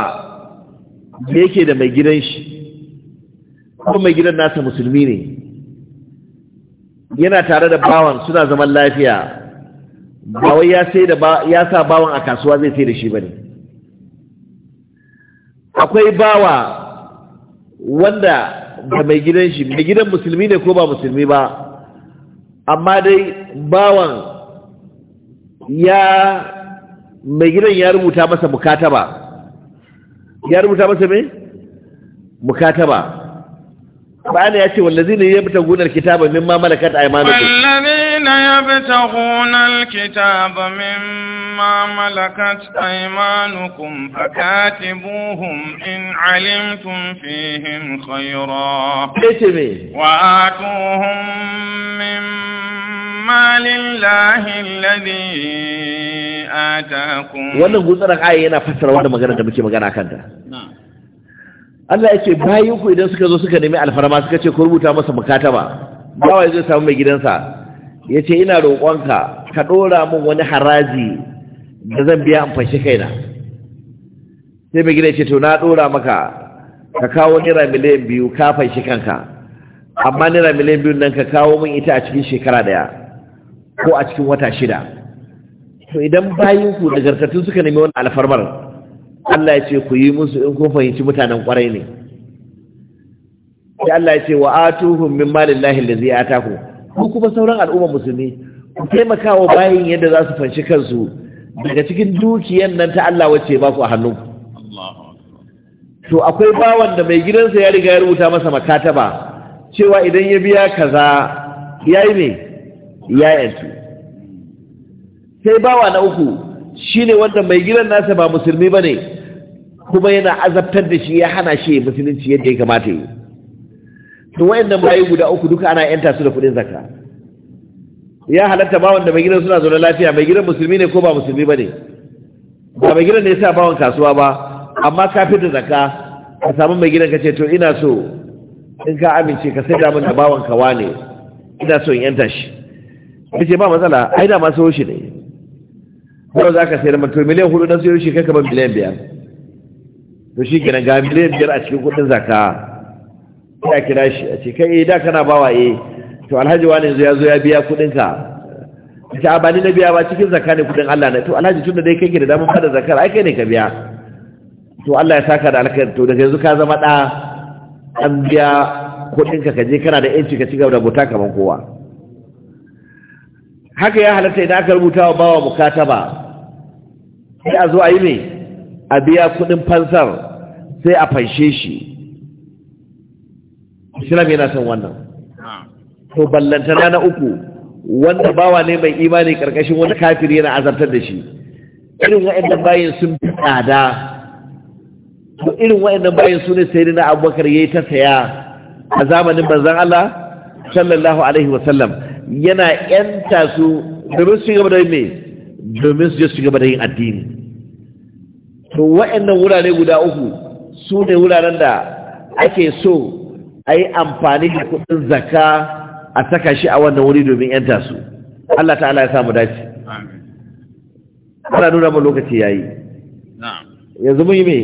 B: da yake da mai gidan shi Ko mai gidan nasa musulmi ne yana tare da bawan suna zaman lafiya ba wai ya sai da ya sa bawan a kasuwa zai sai da shi bane akwai bawa wanda da mai gidan shi mai gidan musulmi ne ko ba musulmi ba amma dai bawan ya mai gidan ya rubuta masa mukataba ya rubuta masa me mukataba Ba'ala ya ce wallazi ne ya bi tagunar kitaba min ma malakat aimanukum.
A: Wallazi ne ya bi tagunar kitaba min ma malakat aimanukum fakatibuhum in alimtum fihim khayra. Ece me? Wa atuhum min ma lillahi alladhi atakum. Wannan gutsarar
B: aya yana fassara wannan magana da muke magana kanta. Na'am. Allah ya ce bayan ku idan suka zo suka nemi alfarma suka ce ku rubuta masa bukata ba bawa zai samu mai gidansa ya ce ina roƙonka ka ɗora min wani haraji da zan biya in fashe kaina sai mai gida ya ce to na ɗora maka ka kawo naira miliyan biyu ka fashe kanka amma naira miliyan biyu nan ka kawo min ita a cikin shekara ɗaya ko a cikin wata shida to idan bayin ku nagartattun suka nemi wani alfarmar Allah ya ce ku yi musu in kun fahimci mutanen kwarai ne sai Allah ya ce wa atuhum min malillahi allazi ataku ku kuma sauran al'umma musulmi ku taimaka wa bayin yadda za su fanshi kansu daga cikin dukiyar nan ta Allah wacce ba ku a hannu to akwai bawan da mai gidansa ya riga ya rubuta masa makataba cewa idan ya biya kaza ya yi ne ya yantu sai bawa na uku shine wanda mai gidan nasa ba musulmi bane kuma yana azabtar da shi ya hana shi musulunci yadda ya kamata yi to wayannan bayi guda uku duka ana yanta su da kuɗin zakka ya halatta ba da mai gidan suna zaune lafiya mai gidan musulmi ne ko ba musulmi ba ne ba mai gidan ne ya sa bawan kasuwa ba amma ka fitar zakka ka samu mai gidan kace ce to ina so in ka amince ka sai da min da bawan ka wane ina so in yanta shi kace ba matsala ai da ma sayo shi ne ko za ka sayar mutum miliyan hudu na sayo shi kai ka ban miliyan biyar to shi kenan ga miliyan biyar a cikin kudin zaka ya kira shi a ce kai eh da kana bawa eh to alhaji wani yanzu ya zo ya biya kudin ka ta ba ni na biya ba cikin zaka ne kudin Allah ne to alhaji tunda dai kake da damar fada zakar ai kai ne ka biya to Allah ya saka da alkhairi to daga yanzu ka zama da an biya kudin ka kaje kana da yanci ka cigaba da bota kaman kowa haka ya halatta idan aka rubuta wa bawa ba sai a zo a yi mai a biya kudin fansar sai a fanshe shi islam yana son wannan to ballantana na uku wanda bawa ne mai imani karkashin wani kafiri yana azabtar da shi irin wa'annan bayan sun fi tsada to irin wa'annan bayan su ne sai na abubakar ya yi ta saya a zamanin banzan Allah sallallahu alaihi wasallam yana yanta su domin su gaba da yin me domin su je su gaba da yin addini to wa'annan wurare guda uku su ne wuraren da ake so a yi amfani da kudin zaka a saka shi a wannan wuri domin yanta su Allah ta'ala ya samu dace ana nuna mu lokaci yayi yanzu mun yi me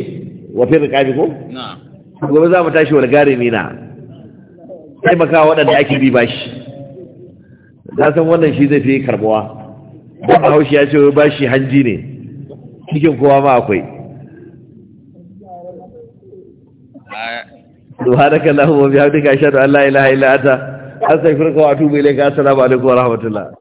B: wafe rikabi ko gobe za mu tashi walgari mina taimakawa waɗanda ake bi bashi na san wannan shi zai fi karbuwa don bahaushe ya ce bashi hanji ne cikin kowa ma akwai subhanakallahumma wa bihamdika ashhadu an la ilaha illa anta astaghfiruka wa atubu ilayka assalamu alaikum wa rahmatullah